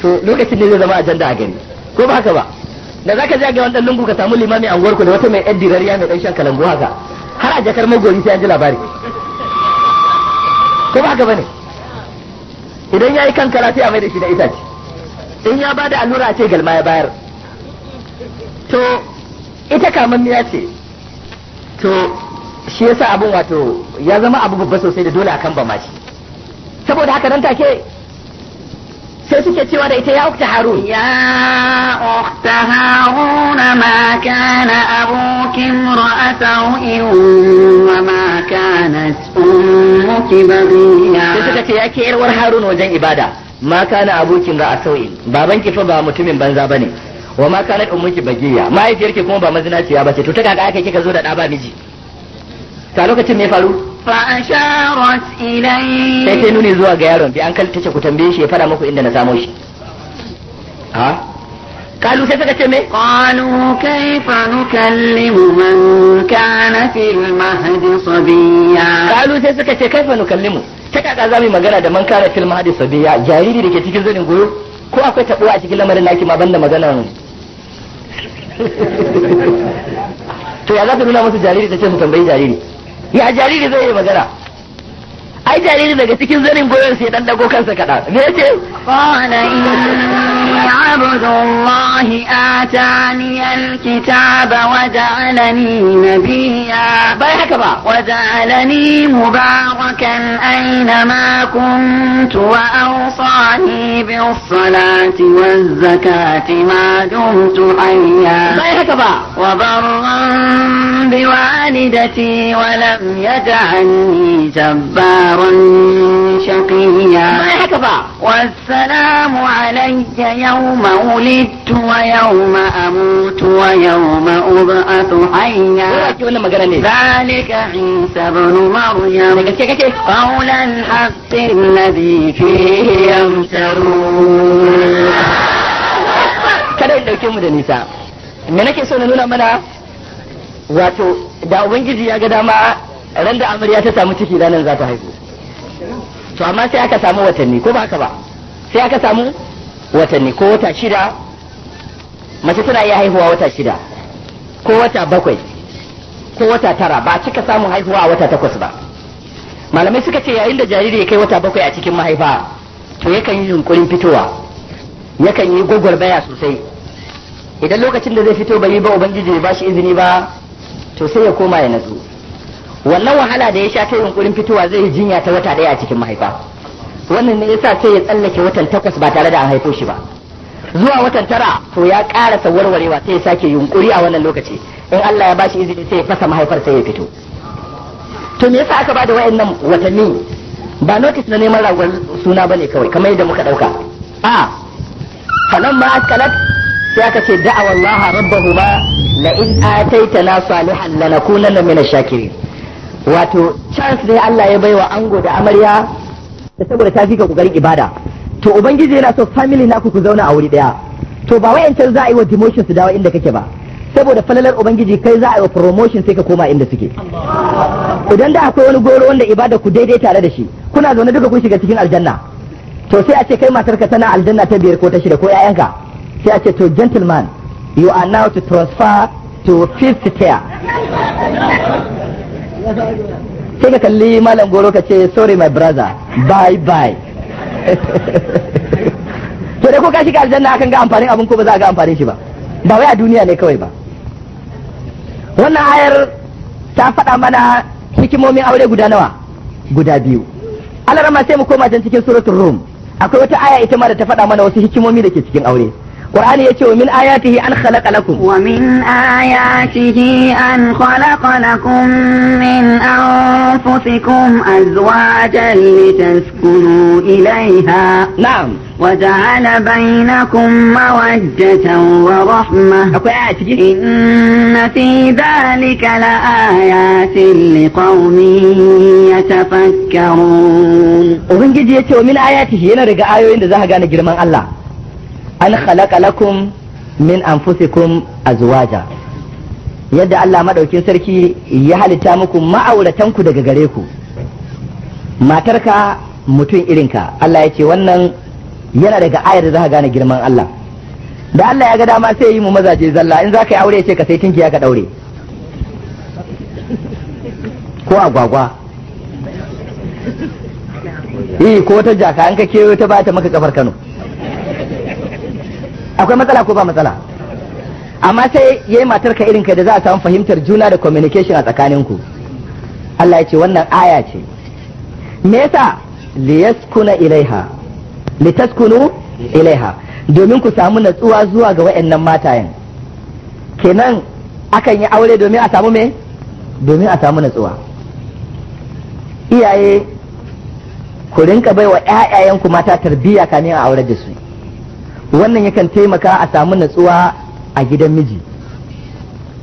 to lokacin ne zai zama ajanda a gani ko ba haka ba da zaka je ga wannan lungu ka samu limami anguwar ku da wata mai addirariya mai dan shan kalangu haka har a jakar magori sai an ji labari ko ba gaba ne idan ya yi kan karatu mai da shi da itace in ya bada allura ce galma ya bayar to ita ya ce to shi yasa abin wato ya zama abu babba sosai da dole akan ba ma shi saboda haka nan take sai suke cewa da ita ya ukta harun ya ukta harun ma kana abuki imra'ata wa ma kanat ummuki baghiya sai suka ce yake yarwar harun wajen ibada ma kana abuki imra'ata babanki fa ba mutumin banza bane wa ma kanat ummuki baghiya mahaifiyarki kuma ba mazinaciya bace to ta kaka aka kika zo da da ba miji ta lokacin me faru فأشارت إليه sai sai nuni zuwa ga yaron an kal tace ku tambaye shi inda na samo shi قالوا سيفك me قالوا كيف نكلم من كان في المهد صبيا قالوا سيفك كيف نكلمه ta kaka za mu magana da man kana fil mahdi sabiya jariri da ke cikin zanin goyo ko akwai tabuwa a cikin lamarin naki ma banda magana to ya za ta nuna musu jariri ta ce mu tambayi jariri ya jariri zai yi magana ai jariri daga cikin zanin goyon sai dan dago kansa kada me yace na inna عبد الله آتاني الكتاب وجعلني نبيا وجعلني مباركا أينما كنت وأوصاني بالصلاة والزكاة ما دمت حيا وبرا بوالدتي ولم يجعلني جبارا شقيا والسلام علي يوم ولدت ويوم أموت ويوم أبعث حيا ذلك عيسى بن مريم قول الحق الذي فيه يمترون kada ya ɗauke mu da nisa me nake so na nuna mana wato da ubangiji ya ga dama ran da amarya ta samu ciki ranar za ta haihu to amma sai aka samu watanni ko ba haka ba sai aka samu watanni ko wata shida mace tana iya haihuwa wata shida ko wata bakwai ko wata tara ba cika samun haihuwa a wata takwas ba malamai suka ce yayin da jariri ya kai wata bakwai a cikin mahaifa to yakan yi yunkurin fitowa yakan yi gwagwarmaya sosai idan lokacin da zai fito bai yi ba ubangiji ba shi izini ba to sai ya koma ya natsu wannan wahala da ya sha ta yunkurin fitowa zai yi jinya ta wata ɗaya a cikin mahaifa wannan ne yasa sai ya tsallake watan takwas ba tare da an haifo shi ba zuwa watan tara to ya karasa warwarewa sai ya sake yunkuri a wannan lokaci in Allah ya ba shi izini sai ya fasa mahaifar sai ya fito to me yasa aka ba da wayannan watanni ba notice na neman ragon suna ba ne kawai kamar yadda muka dauka a ma askalat sai aka ce da'awa Allah rabbahuma la in ataitana salihan lanakunanna min ash-shakirin wato chance ne Allah ya baiwa ango da amarya saboda ta fika ka kokarin ibada to ubangiji yana so family naku ku zauna a wuri daya to ba wayancan za a yi wa demotion su dawo inda kake ba saboda falalar ubangiji kai za a yi wa promotion sai ka koma inda suke idan da akwai wani goro wanda ibada ku daidai tare da shi kuna zaune duka kun shiga cikin aljanna to sai a ce kai ka tana aljanna ta biyar ko ta shida ko ƴaƴanka sai a ce to gentleman you are now to transfer to fifth tier sai ka kalli malam goro ka ce sorry my brother bye bye to da ko ka shiga aljanna akan ga amfanin abin ko ba za a ga amfanin shi ba ba wai a duniya ne kawai ba wannan ayar ta faɗa mana hikimomin aure guda nawa guda biyu alarama sai mu koma can cikin suratul rum akwai wata aya ita ma da ta faɗa mana wasu hikimomi da ke cikin aure Qur'ani yake wa min ayatihi an khalaqa lakum wa min ayatihi an khalaqa lakum min anfusikum azwajan litaskunu ilayha na'am wa ja'ala bainakum mawaddatan wa rahma akwai aya ciki inna fi dhalika la ayatin liqaumin yatafakkarun ubangiji yake wa min ayatihi yana daga ayoyin da za a gane girman Allah an khalaqa lakum min anfusikum azwaja yadda Allah madaukin sarki ya halitta muku ma'auratanku daga gare ku matarka mutum irinka Allah ya ce wannan yana daga ayar da za gane girman Allah da Allah ya ga dama sai yi mu mazaje zalla in za ka yi aure ce ka sai ya ka daure ko agwagwa eh ko ta jaka an ka kewo ta bata maka kafar Kano akwai matsala ko ba matsala amma sai yayi matar ka irin kai da za a samu fahimtar juna da communication a tsakaninku Allah ya ce wannan aya ce me yasa liyaskuna ilaiha litaskunu ilaiha domin ku samu natsuwa zuwa ga wayannan matayen kenan akan yi aure domin a samu me domin a samu natsuwa iyaye ku rinka baiwa ƴaƴayenku mata tarbiyya kamin a aure da su wannan yakan taimaka a samu natsuwa a gidan miji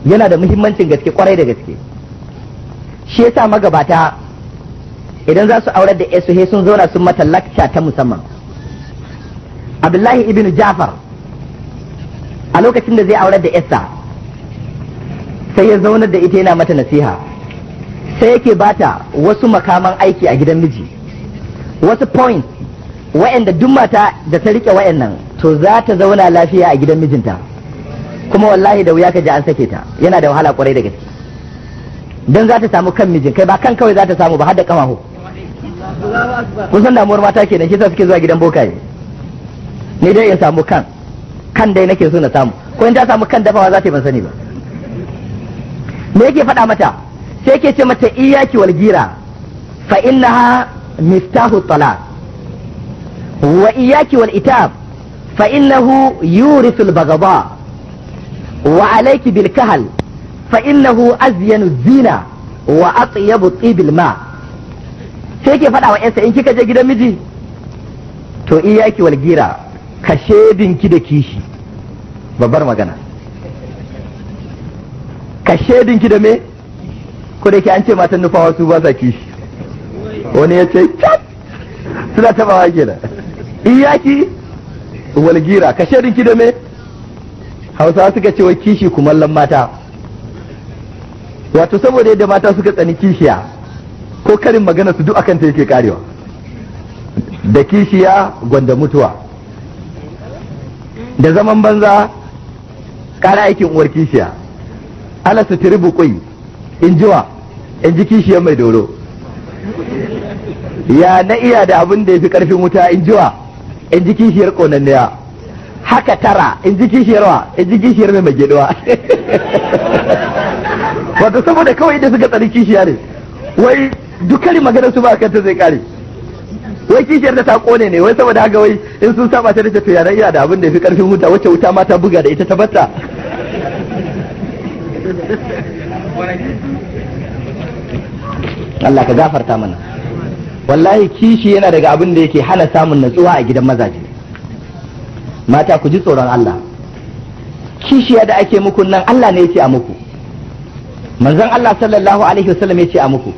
yana da muhimmancin gaske kwarai da gaske shi ya sa magabata idan za su aurar da su sun zauna sun mata lakca ta musamman abdullahi ibn jafar a lokacin da zai aurar da yarsa sai ya zaunar da ita yana mata nasiha sai yake bata wasu makaman aiki a gidan miji wasu point wa'anda duk mata da ta rike wa'annan to za ta zauna lafiya a gidan mijinta kuma wallahi da wuya ka ji an sake ta yana da wahala kwarai da gaske don za ta samu kan mijin kai ba kan kawai za ta samu ba har da kamaho kun san damuwar mata kenan shi sa suke zuwa gidan bokaye ne dai in samu kan kan dai nake so na samu ko in ta samu kan dafawa za ta yi ban sani ba me yake faɗa mata sai ke ce mata iyaki wal gira fa innaha miftahu talaq wa iyaki wal itab فإنه يورث البغضاء وعليك بالكهل فإنه أزين الزينة وأطيب طيب الماء sai ke faɗa wa ‘yansa in kika je gidan miji to iyaki wal gira da kishi babbar magana ka da me ko da an ce matan nufawa su kishi wani ya ce suna tabawa kenan iyaki walgira ka shaɗin ki da me hausawa suka ce wai kishi kumallon mata wato saboda yadda mata suka tsani kishiya ko karin magana su duk akan ta yake karewa da kishiya gwanda mutuwa da zaman banza kara aikin uwar kishiya ala su tiri bukui in jiwa in ji kishiyar mai doro ya na iya da abin da ya fi karfin wuta in jiwa in ji kishiyar ƙonanniya haka tara in ji kishiyar wa in ji kishiyar mai magidowa wato saboda kawai da suka tsari kishiya ne wai dukkan maganar su ba kanta zai kare wai kishiyar da ta kone ne wai saboda haka wai in sun saba ta da to yana iya da abin da fi karfin wuta wacce wuta ma ta buga da ita ta batta Allah ka gafarta mana wallahi kishi yana daga abin da yake hana samun natsuwa a gidan mazaje mata ku ji tsoron Allah kishiya da ake muku nan Allah ne yake a muku manzon Allah sallallahu alaihi wasallam yake a muku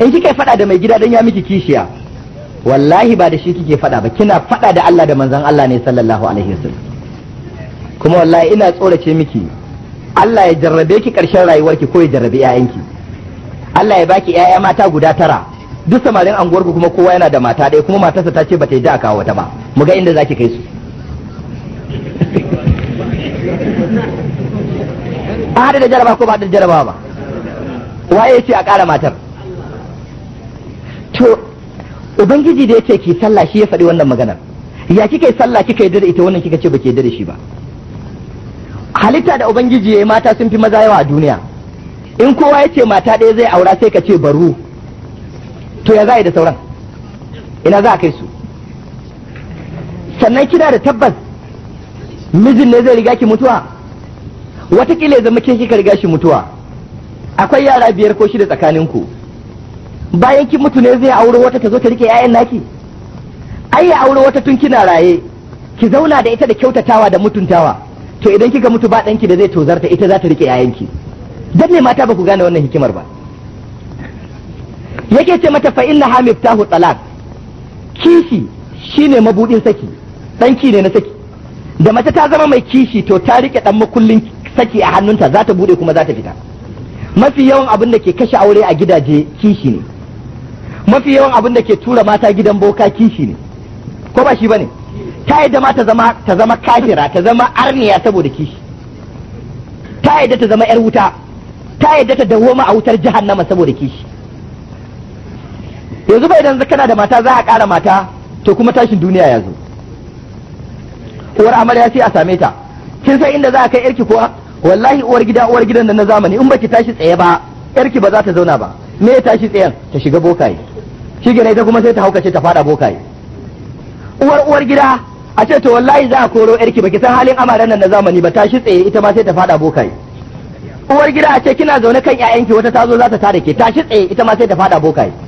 in kika faɗa da mai gida dan ya miki kishiya wallahi ba da shi kike faɗa ba kina faɗa da Allah da manzon Allah ne sallallahu alaihi wasallam kuma wallahi ina tsorace miki Allah ya jarrabe ki ƙarshen rayuwarki ko ya jarrabe 'ya'yanki Allah ya baki 'ya'ya mata guda tara duk samarin anguwarku kuma kowa yana da mata ɗaya kuma matarsa ta ce ba ta yi da kawo wata ba mu ga inda za ki kai su a hada da jaraba ko ba da jaraba ba waye ce a ƙara matar to ubangiji da ce ki sallah shi ya faɗi wannan maganar ya kika sallah kika yarda da ita wannan kika ce baki yarda da shi ba halitta da ubangiji ya yi mata sun fi maza yawa a duniya in kowa ya ce mata ɗaya zai aura sai ka ce baru to ya za yi da sauran ina za a kai su sannan kina da tabbas mijin ne zai riga ki mutuwa watakila ya zama kin kika riga shi mutuwa akwai yara biyar ko shida tsakanin ku bayan ki mutu ne zai auri wata ta zo ta rike 'ya'yan naki ai ya aure wata tun kina raye ki zauna da ita da kyautatawa da mutuntawa to idan kika mutu ba ɗanki da zai tozarta ita za ta rike ki dan ne mata ba ku gane wannan hikimar ba yake ce mata fa inna ta miftahu kishi shine mabudin saki sanki ne na saki da mace ta zama mai kishi to ta rike ɗan makullin saki a hannunta za ta bude kuma za ta fita mafi yawan abin da ke kashe aure a gidaje kishi ne mafi yawan abin da ke tura mata gidan boka kishi ne ko ba shi bane ta yadda ma ta zama ta kafira ta zama arniya saboda kishi ta yadda ta zama yar wuta ta yadda ta dawoma a wutar jahannama saboda kishi yanzu ba idan kana da mata za a ƙara mata to kuma tashin duniya ya zo uwar amarya sai a same ta kin san inda za a kai yarki kuwa wallahi uwar gida uwar gidan nan na zamani in baki tashi tsaye ba yarki ba za ta zauna ba me ya tashi tsayen ta shiga bokaye shi gina ita kuma sai ta haukace ta fada bokaye uwar uwar gida a ce to wallahi za a koro yarki baki san halin amaren nan na zamani ba tashi tsaye ita ma sai ta fada bokaye uwar gida a ce kina zaune kan 'ya'yanki wata ta zo za ta tare ke tashi tsaye ita ma sai ta fada bokaye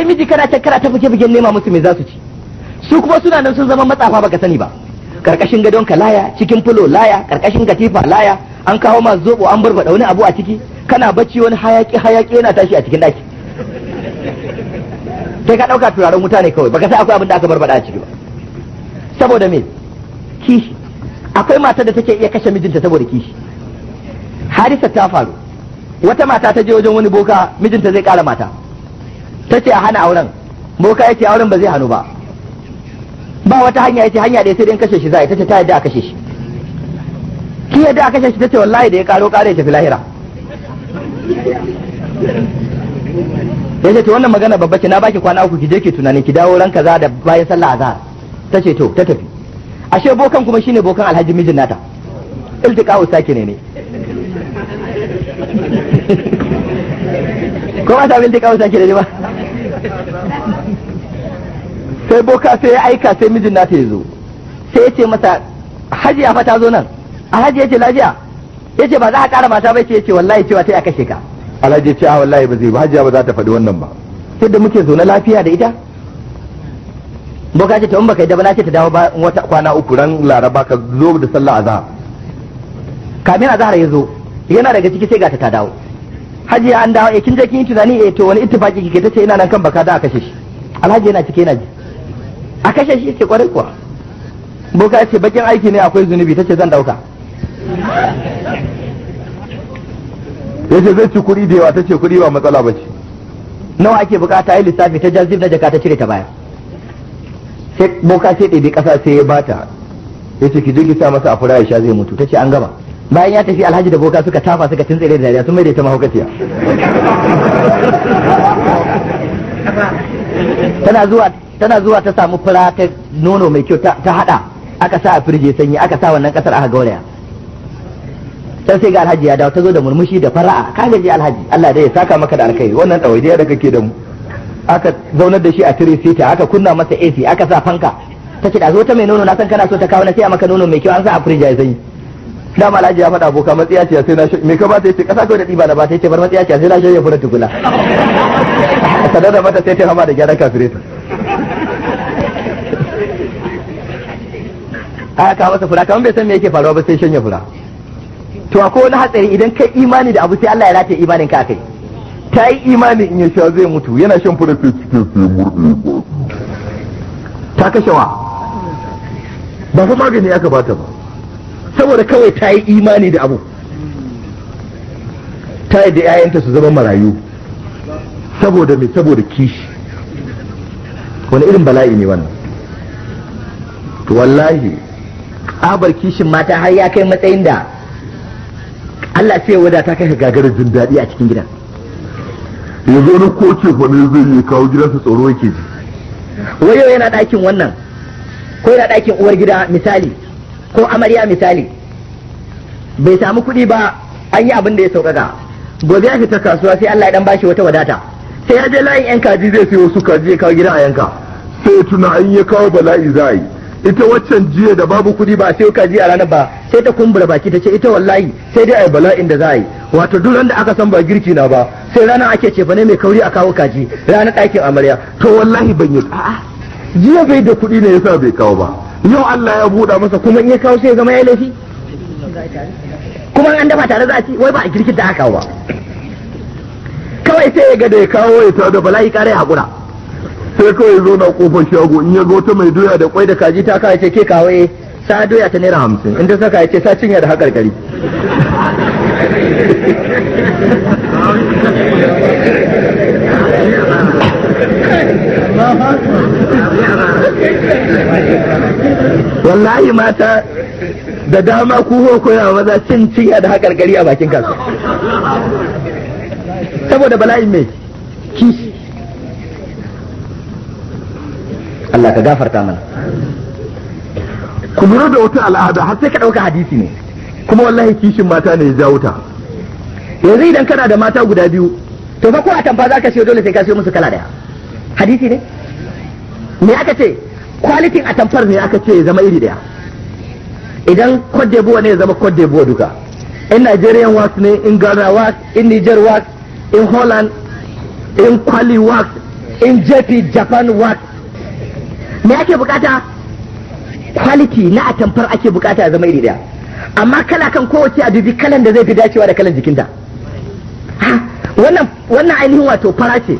kai miji kana ta kara ta buge bugen nema musu me za su ci su kuma suna nan sun zama matsafa baka sani ba karkashin gadon ka laya cikin fulo laya karkashin katifa laya an kawo ma zobo an barbada wani abu a ciki kana bacci wani hayaki hayaki yana tashi a cikin daki kai ka dauka turaren wuta ne kawai baka sai akwai abin da aka barbada a ciki ba saboda me kishi akwai mata da take iya kashe mijinta saboda kishi harisa ta faru wata mata ta je wajen wani boka mijinta zai kara mata ta ce a hana auren boka ya auren ba zai hannu ba ba wata hanya ya hanya da sai dai kashe shi za a ta ce ta yadda a kashe shi ki yadda a kashe shi ta ce wallahi da ya karo kare tafi lahira ya ce to wannan magana babba ce na baki kwana uku ki je ki tunanin ki dawo ran kaza da bayan sallah azhar ta ce to ta tafi ashe bokan kuma shine bokan alhaji mijin nata iltiqa'u ne ne ko ba ta binti kawai sake da ba sai boka sai ya aika sai mijin nata ya zo sai ya ce masa hajiya fa ta zo nan a hajiya ce lafiya ya ce ba za a ƙara mata ba ce ce wallahi cewa ta ya kashe ka alhaji ya ce a ah, wallahi ba zai ba hajiya ba za ta faɗi wannan ba da muke zaune lafiya da ita boka ce ta umba kai yi da na ce ta dawo ba wata kwana uku ran laraba ka zo da sallah azhar kamin azhar ya zo yana daga ciki sai ga ta dawo hajiya an dawo eh kin je kin yi tunani eh to wani ittifaki kike tace ina nan kan baka da a kashe shi alhaji yana cike yana ji a kashe shi ce kwarai kuwa boka ce bakin aiki ne akwai zunubi tace zan dauka yace zai ci kuɗi da yawa tace kuɗi ba matsala bace nawa ake bukata yi lissafi ta jazib na jaka ta cire ta baya sai boka sai ɗaiɗai ƙasa sai ya bata yace ki je ki sa masa a fura ya sha zai mutu tace an gama bayan ya tafi alhaji da boka suka tafa suka tsere da dariya sun mai da ita mahaukaciya tana zuwa tana zuwa ta samu fura ta nono mai kyau ta hada aka sa a firje sanyi aka sa wannan kasar aka gauraya sai sai ga alhaji ya dawo ta zo da murmushi da fara'a ka gaji alhaji Allah dai ya saka maka da alkai wannan ɗawainiya da kake da mu aka zaunar da shi a tire sita aka kunna masa AC aka sa fanka ta ce da zo ta mai nono na san kana so ta kawo na sai a maka nono mai kyau an sa a firje sanyi dama alhaji ya faɗa boka matsiya ce sai na shi me ka ba sai ce kasa kawai da ɗiba na ba ta ce bar matsiya ce sai na ya fura tukula sadar da mata sai ta hama da gyaran kafire aka kawo masa fura kamar bai san me yake faruwa ba sai ya fura to a kowane hatsari idan kai imani da abu sai Allah ya rataye imanin ka kai ta yi imani in ya sha zai mutu yana shan fura sai cikin sai murɗe ta kashe wa ba fa magani aka bata ba saboda kawai ta yi imani da abu ta yi da 'ya'yanta su zama marayu saboda mai saboda kishi wani irin bala'i ne wannan to wallahi abar kishin mata har ya kai matsayin da Allah sai ya wadata kai gagarar jin daɗi a cikin gidan ya zo ko ce ne zai yi kawo gidansa tsoro yake ji wayo yana ɗakin wannan ko yana ɗakin uwar gida misali ko amarya misali bai samu kuɗi ba an yi abin da ya sauƙaƙa gobe ya fita kasuwa sai Allah ya dan bashi wata wadata sai ya je layin yan kaji zai sayo su kaji ya kawo gida a yanka sai tuna an ya kawo bala'i za yi ita waccan jiya da babu kuɗi ba sai kaji a ranar ba sai ta kumbura baki ta ce ita wallahi sai dai a bala'in da za a yi wato duk da aka san ba girki na ba sai ranar ake ce ne mai kauri a kawo kaji ranar ɗakin amarya to wallahi ban yi a'a jiya bai da kuɗi ne yasa bai kawo ba yau Allah ya buɗa masa kuma in ya kawo sai ya zama ya laifi kuma an dafa tare za a ci wai ba a girkin da aka ba kawai sai ya ga da ya kawo ya tawo da bala'i kare hakura sai kawai zo na kofar shago in ya ga wata mai doya da kwai da kaji ta kawai ce ke kawai sa doya ta naira hamsin inda saka ya ce sa cinya da hakarkari Allahu wallahi mata da dama ku ho koya maza cin cinya da haƙarƙari a bakin kansu saboda bala'in mai kishi Allah ka gafarta mana ku lura da wata al'ada har sai ka ɗauka hadisi ne kuma wallahi kishin mata ne ya wuta. ta yanzu idan kana da mata guda biyu to fa ko a tamfa za ka siyo dole sai ka siyo musu kala daya hadisi ne me aka ce kwalitin atamfar ne aka ce ya zama iri daya idan Cote d'Ivoire ne ya zama Cote d'Ivoire duka in Nigerian wax ne in Ghana wax in Niger wax in Holland in Kwali wax in JP Japan wax me ake bukata quality na atamfar ake bukata ya zama iri daya amma kala kan kowace a dubi kalan da zai fi dacewa da kalan jikinta wannan ainihin wato fara ce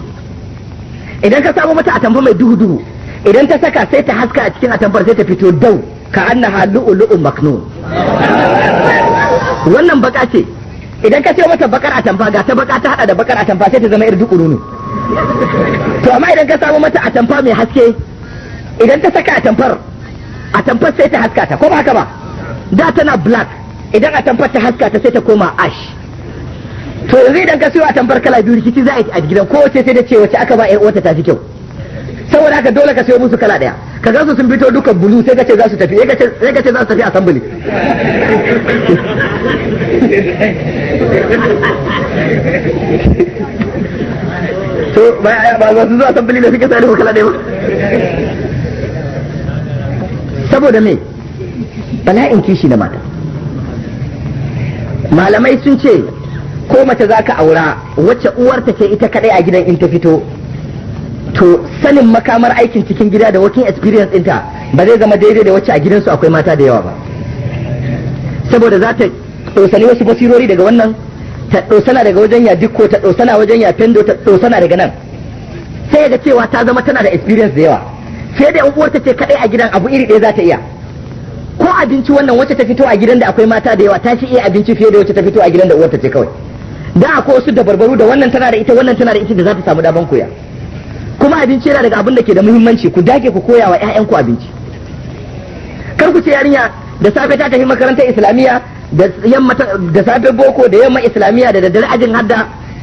idan ka samu mata atamfa mai duhu duhu idan ta saka sai ta haska a cikin atamfar sai ta fito dau ka annaha lu'lu'un maknu wannan baka ce idan ka ce mata bakar atamfa ga ta baka ta hada da bakar atamfa sai ta zama irin nono. to amma idan ka samu mata atamfa mai haske idan ta saka atamfar atamfar sai ta haska ta ko ba haka ba da tana black idan atamfar ta haska ta sai ta koma ash to yanzu idan ka siyo atamfar kala biyu rikici za a yi a gidan kowace sai da ce wace aka ba 'yar ta fi kyau saboda haka dole ka sayo musu kala daya ka ga su sun fito duka bulu sai ka ce za su tafi sai ka ce za su tafi assembly to ba ba su zo assembly da suke sa duka kala daya ba saboda me bala'in kishi na mata malamai sun ce ko mace za ka aura wacce uwarta take ita kadai a gidan in ta fito to sanin makamar aikin cikin gida da working experience ɗinta ba zai zama daidai da wacce a gidansu akwai mata da yawa ba saboda za ta ɗosani wasu basirori daga wannan ta ɗosana daga wajen ya dikko ta ɗosana wajen ya fendo ta ɗosana daga nan sai ga cewa ta zama tana da experience da yawa sai dai uwarta ce kadai a gidan abu iri ɗaya za ta iya ko abinci wannan wacce ta fito a gidan da akwai mata da yawa ta shi iya abinci fiye da wacce ta fito a gidan da uwarta ce kawai da akwai wasu dabarbaru da wannan tana da ita wannan tana da ita da za ta samu daban koya kuma abinci yana daga abin da ke da muhimmanci ku dage ku koya wa 'ya'yanku abinci kar ku ce yarinya da safe ta tafi makarantar islamiyya da yamma da safe boko da yamma islamiyya da daddare ajin hadda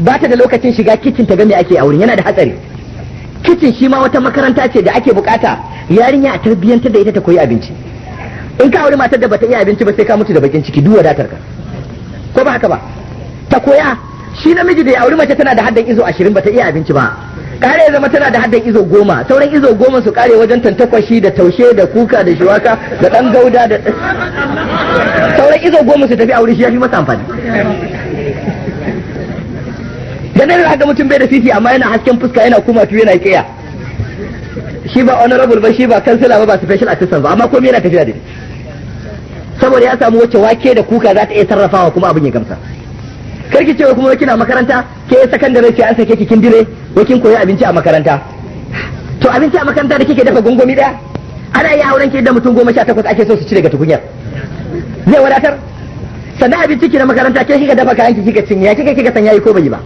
ba ta da lokacin shiga kicin ta ga me ake a wurin yana da hatsari kicin shi ma wata makaranta ce da ake bukata yarinya a tarbiyyantar da ita ta koyi abinci in ka aure matar da bata iya abinci ba sai ka mutu da bakin ciki duk wadatar ka ko ba haka ba ta koya shi namiji da ya auri mace tana da haddan izo ashirin bata iya abinci ba kare ya zama tana da haddan izo goma sauran izo goma su kare wajen tantakwashi da taushe da kuka da shiwaka da dan gauda da sauran izo goma su tafi a wuri shi ya fi masa amfani ganin da mutum bai da fifi amma yana hasken fuska yana kuma tu yana kiya shi ba honorable ba shi ba kansila ba ba special assistant ba amma komai yana tafiya da saboda ya samu wacce wake da kuka za ta iya sarrafawa kuma abin ya gamsa karki ce kuma kina makaranta ke sakandare ce an sake ki kin dire ko kin koyi abinci a makaranta to abinci a makaranta da kike dafa gungumi daya ana iya auren ki da mutum goma sha takwas ake so su cire ga tukunyar zai wadatar sannan abinci ki na makaranta ke kika dafa kayan ki kika cinye kika kika san yayi ko bai ba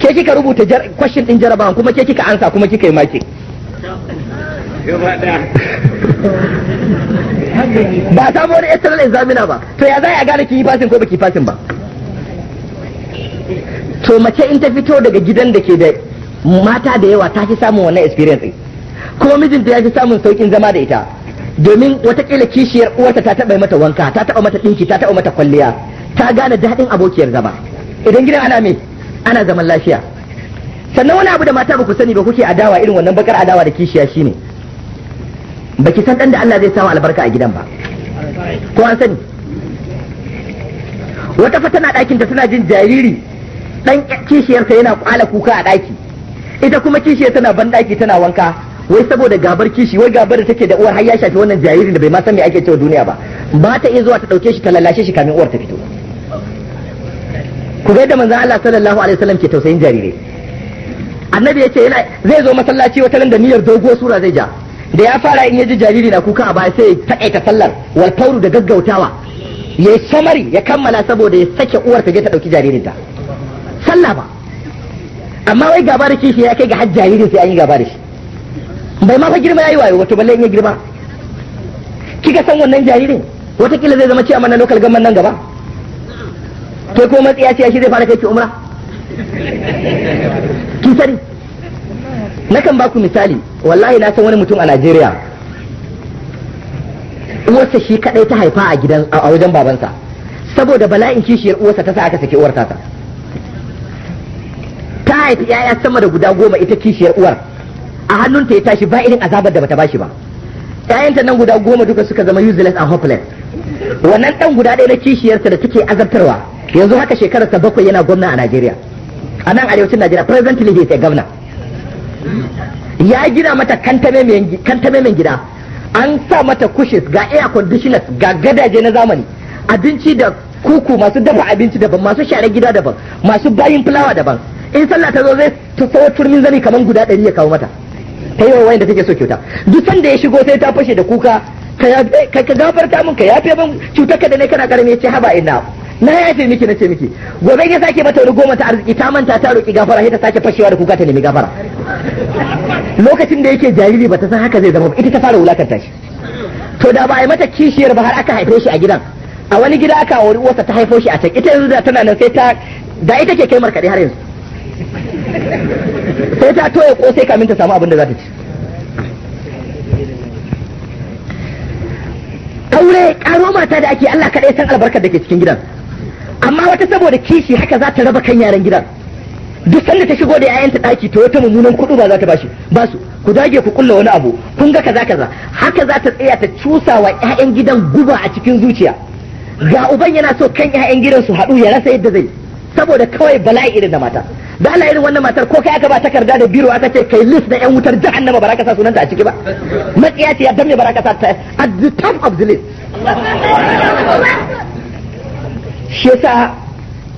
ke kika rubuta question din jarabawan kuma ke kika ansa kuma kika yi maki ba a samu wani external examiner ba to ya za a gane ki yi fasin ko baki fasin ba to mace in ta fito daga gidan da ke da mata da yawa ta fi samun wannan experience kuma mijinta ya fi samun saukin zama da ita domin watakila kishiyar uwarta ta taɓa mata wanka ta taba mata ɗinki ta taba mata kwalliya ta gane daɗin abokiyar zama idan gidan ana me ana zaman lafiya sannan wani abu da mata ba ku sani ba kuke adawa irin wannan bakar adawa da kishiya shine baki san dan da Allah zai samu albarka a gidan ba ko an sani wata fa tana ɗakin ta tana jin jariri dan kishiyarta yana kwala kuka a ɗaki ita kuma kishi tana banɗaki tana wanka wai saboda gabar kishi wai gabar da take da uwar har ya shafi wannan jaririn da bai ma san me ake cewa duniya ba ba ta iya zuwa ta dauke shi ta lalace shi kamin uwar ta fito ku ga yadda manzon Allah sallallahu alaihi wasallam ke tausayin jarirai annabi yace yana zai zo masallaci wata da niyyar dogo sura zai ja da ya fara in yaji jariri na kuka a baya sai ya takaita sallar wal fauru da gaggautawa yayi samari ya kammala saboda ya sake uwar ta je ta dauki jaririnta sallah ba amma wai gaba da kishi ya kai ga har jaririn sai an yi gaba da shi bai ma fa girma yayi wayo wato balle in ya girma kika san wannan jaririn watakila zai zama cewa mana local government nan gaba kai ko matsiya ce shi zai fara kai ki umra ki sani nakan baku misali wallahi na san wani mutum a Najeriya uwarsa shi kadai ta haifa a gidan a wajen babansa saboda bala'in kishiyar uwarsa ta sa aka saki uwar tasa ta haifi yaya sama da guda goma ita kishiyar uwar a hannunta ya tashi ba irin azabar da bata bashi ba ƴaƴanta nan guda goma duka suka zama useless and hopeless wannan dan guda ɗaya na kishiyarsa da take azabtarwa yanzu haka shekararsa bakwai yana gwamna a Najeriya a nan arewacin Najeriya presently he is a ya gina mata kantame mai gida an sa mata kushis ga air conditioners ga gadaje na zamani abinci da kuku masu dafa abinci daban masu share gida daban masu bayin fulawa daban in sallah ta zo zai ta turmin zani kamar guda ɗari ya kawo mata ta yi wa da take so kyauta duk sanda ya shigo sai ta fashe da kuka ka gafarta min ka yafe min cutar ka da ne kana karami ce haba ina na yafe miki na ce miki gobe ya sake mata wani goma ta arziki ta manta ta roki gafara sai ta sake fashewa da kuka ta nemi gafara lokacin da yake jariri bata san haka zai zama ita ta fara wulakanta shi to da ba a yi mata kishiyar ba har aka haife shi a gidan a wani gida aka wani wata ta haifo shi a can ita yanzu da tana nan sai ta da ita ke kai markaɗe har yanzu sai ta toye sai kamin ta samu abin da za ta ci aure karo mata da ake Allah kaɗai san albarkar da ke cikin gidan amma wata saboda kishi haka za ta raba kan yaran gidan duk sanda ta shigo da yayanta daki to wata mummunan kudu ba za ta bashi ba su ku dage ku kulla wani abu kun ga kaza kaza haka za ta tsaya ta cusa wa ƴaƴan gidan guba a cikin zuciya ga uban yana so kan 'ya'yan gidan su haɗu ya rasa yadda zai saboda kawai bala'i irin da mata da Allah irin wannan matar ko kai aka ba takarda da biro aka ce kai list na yan wutar jahannama ba ka sa sunanta a ciki ba matsiya ce ya ba ka sa ta at the top of the list shi yasa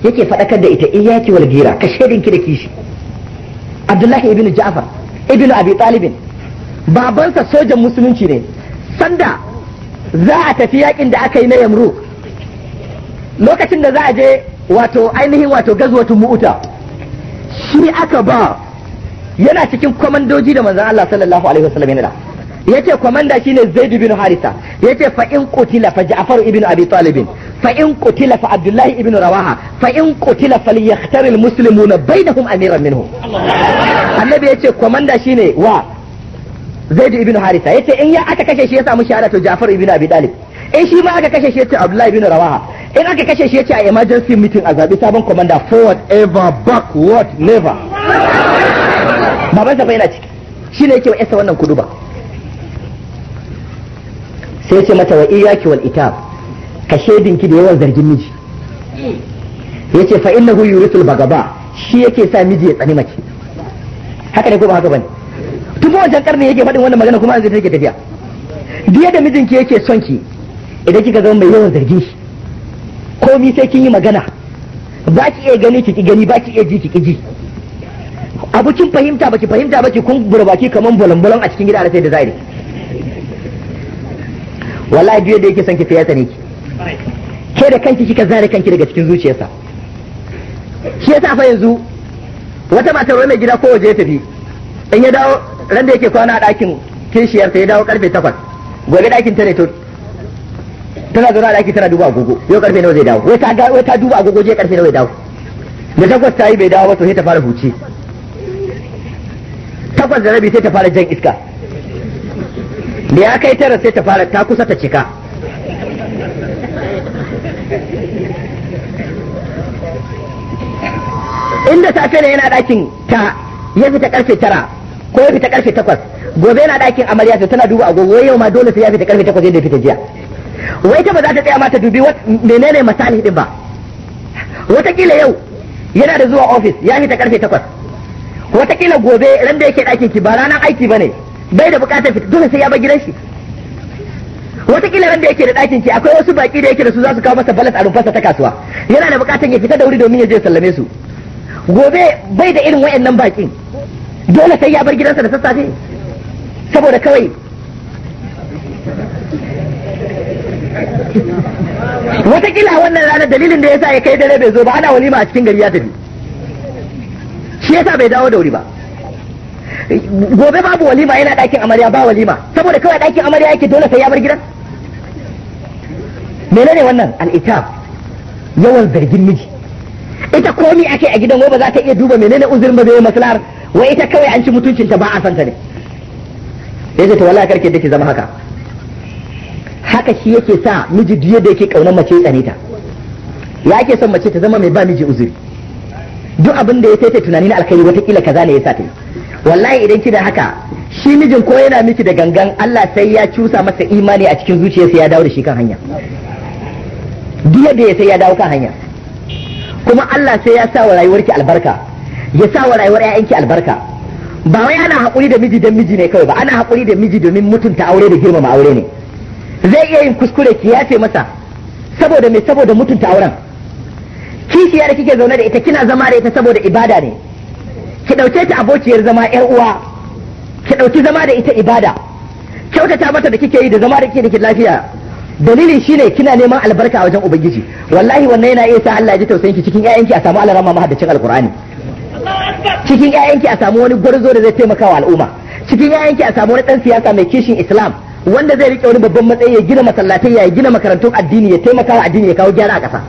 yake faɗakar da ita iyaki wal gira ka shedin ki da kishi Abdullahi ibn Ja'far ibn Abi Talib babansa sojan musulunci ne sanda za a tafi yakin da aka yi na Yamruk lokacin da za a je wato ainihin wato gazwatu mu'uta shi aka ba yana cikin kwamandoji da manzon Allah sallallahu alaihi wasallam yana yace kwamanda shine Zaid bin Harisa yace fa in qutila fa Ja'far ibn Abi Talib fa in qutila fa Abdullah ibn Rawaha fa in qutila falyakhtar almuslimuna bainahum amiran minhum annabi yace kwamanda shine wa Zaid ibn Harisa yace in ya aka kashe shi ya samu shahada to Ja'far ibn Abi Talib in shi ma aka kashe shi yace Abdullah ibn Rawaha in aka kashe shi yace a emergency meeting a zaɓi sabon commander forward ever backward never baban sa yana ciki shi ne yake wa yasa wannan kuduba sai yace mata wa iyaki wal itab ka ki da yawan zargin miji yace fa innahu ba bagaba shi yake sa miji ya tsani mace haka ne ko ba haka bane tun wancan karni yake faɗin wannan magana kuma an zai take tafiya diya da mijinki yake son ki idan kika zama mai yawan zargin shi komi sai kin yi magana ba ki iya gani ki gani ba ki iya ji ki ji abu kin fahimta baki fahimta baki kun burbaki kaman bolon-bolon a cikin gida a sai da zaire wallahi biyo da yake son ki fiyata ne ki ke da kanki kika zare kanki daga cikin zuciyarsa shi yasa fa yanzu wata matar wani mai gida ko waje ya tafi in ya dawo ran da yake kwana a ɗakin kishiyarta ya dawo karfe takwas gobe ɗakin ta ne to tana zaune a ɗaki tana duba agogo yau karfe nawa zai dawo wai ta ga wai ta duba agogo je karfe nawa zai dawo da takwas ta yi bai dawo ba to sai ta fara huce. takwas da rabi sai ta fara jan iska da ya kai tara sai ta fara ta kusa ta cika inda ta ne yana ɗakin ta ya fita karfe tara ko ya fita karfe takwas gobe yana ɗakin amarya ta tana duba agogo yau ma dole sai ya fita karfe takwas yadda ya fita jiya wai ta ba za ta tsaya ma ta dubi menene misali din ba watakila yau yana da zuwa ofis ya hita karfe takwas watakila gobe ran da yake ɗakin ki ba ranar aiki ba ne bai da bukatar fita dole sai ya bar gidan shi watakila ran da yake da ɗakin ki akwai wasu baki da yake da su za su kawo masa balas a rumfarsa ta kasuwa yana da bukatar ya fita da wuri domin ya je sallame su gobe bai da irin wayannan bakin dole sai ya bar gidansa da sassafe saboda kawai watakila wannan ranar dalilin da ya sa ya kai dare bai zo ba ana walima a cikin gari ya tafi shi ya sa bai dawo da wuri ba gobe babu walima yana ɗakin amarya ba walima saboda kawai ɗakin amarya yake dole sai ya bar gidan ne wannan al'itab yawan zargin miji ita komi ake a gidan ba za ta iya duba menene uzurin ba zai maslahar wai ita kawai an ci mutuncinta ba a santa ne ta to wallahi karke ke zama haka haka shi yake sa miji duk yadda yake kaunar mace tsane ta ya ake son mace ta zama mai ba miji uzuri duk abin da ya sai ta tunani na alkhairi watakila kaza ne ya sa ta wallahi idan kida haka shi mijin ko yana miki da gangan Allah sai ya cusa masa imani a cikin sai ya dawo da shi kan hanya duk yadda ya sai ya dawo kan hanya kuma Allah sai ya sa wa rayuwarki albarka ya sa wa rayuwar 'ya'yanki albarka ba wai ana haƙuri da miji dan miji ne kawai ba ana hakuri da miji domin mutunta aure da girmama aure ne zai iya yin kuskure ki yafe masa saboda me saboda mutunta auren kishiya da kike zaune da ita kina zama da ita saboda ibada ne ki dauke ta abokiyar zama yar uwa ki dauki zama da ita ibada kyautata mata da kike yi da zama da kike da ki lafiya dalilin shine kina neman albarka a wajen ubangiji wallahi wannan yana iya sa Allah ya ji tausayin ki cikin ƴaƴanki a samu alarama mahaddacin alqur'ani cikin ƴaƴanki a samu wani gwarzo da zai taimaka wa al'umma cikin ƴaƴanki a samu wani dan siyasa mai kishin islam wanda zai rike wani babban matsayi ya gina masallatai ya gina makarantun addini ya taimaka wa addini ya kawo gyara a ƙasa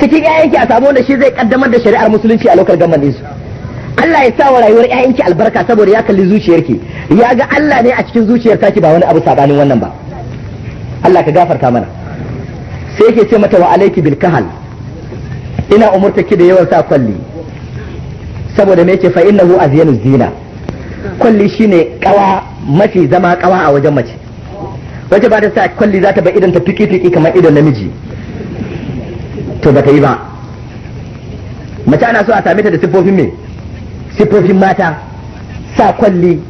cikin ƴaƴanki a samu wanda shi zai kaddamar da shari'ar musulunci a lokal gamban su Allah ya sa wa rayuwar ƴaƴanki albarka saboda ya kalli zuciyarki ya ga Allah ne a cikin zuciyar taki ba wani abu sabanin wannan ba Allah ka gafarta mana sai yake ce mata wa bilkahal. bil kahal ina umurtaki da yawan sa kwalli saboda me yake fa innahu azyanu zina kwalli shine kawa mafi zama kawa a wajen mace wace ba ta sa kwalli za ta idon idan ta fiki fiki kamar idan namiji to ba ta yi ba mace ana so a same ta da siffofin me siffofin mata sa kwalli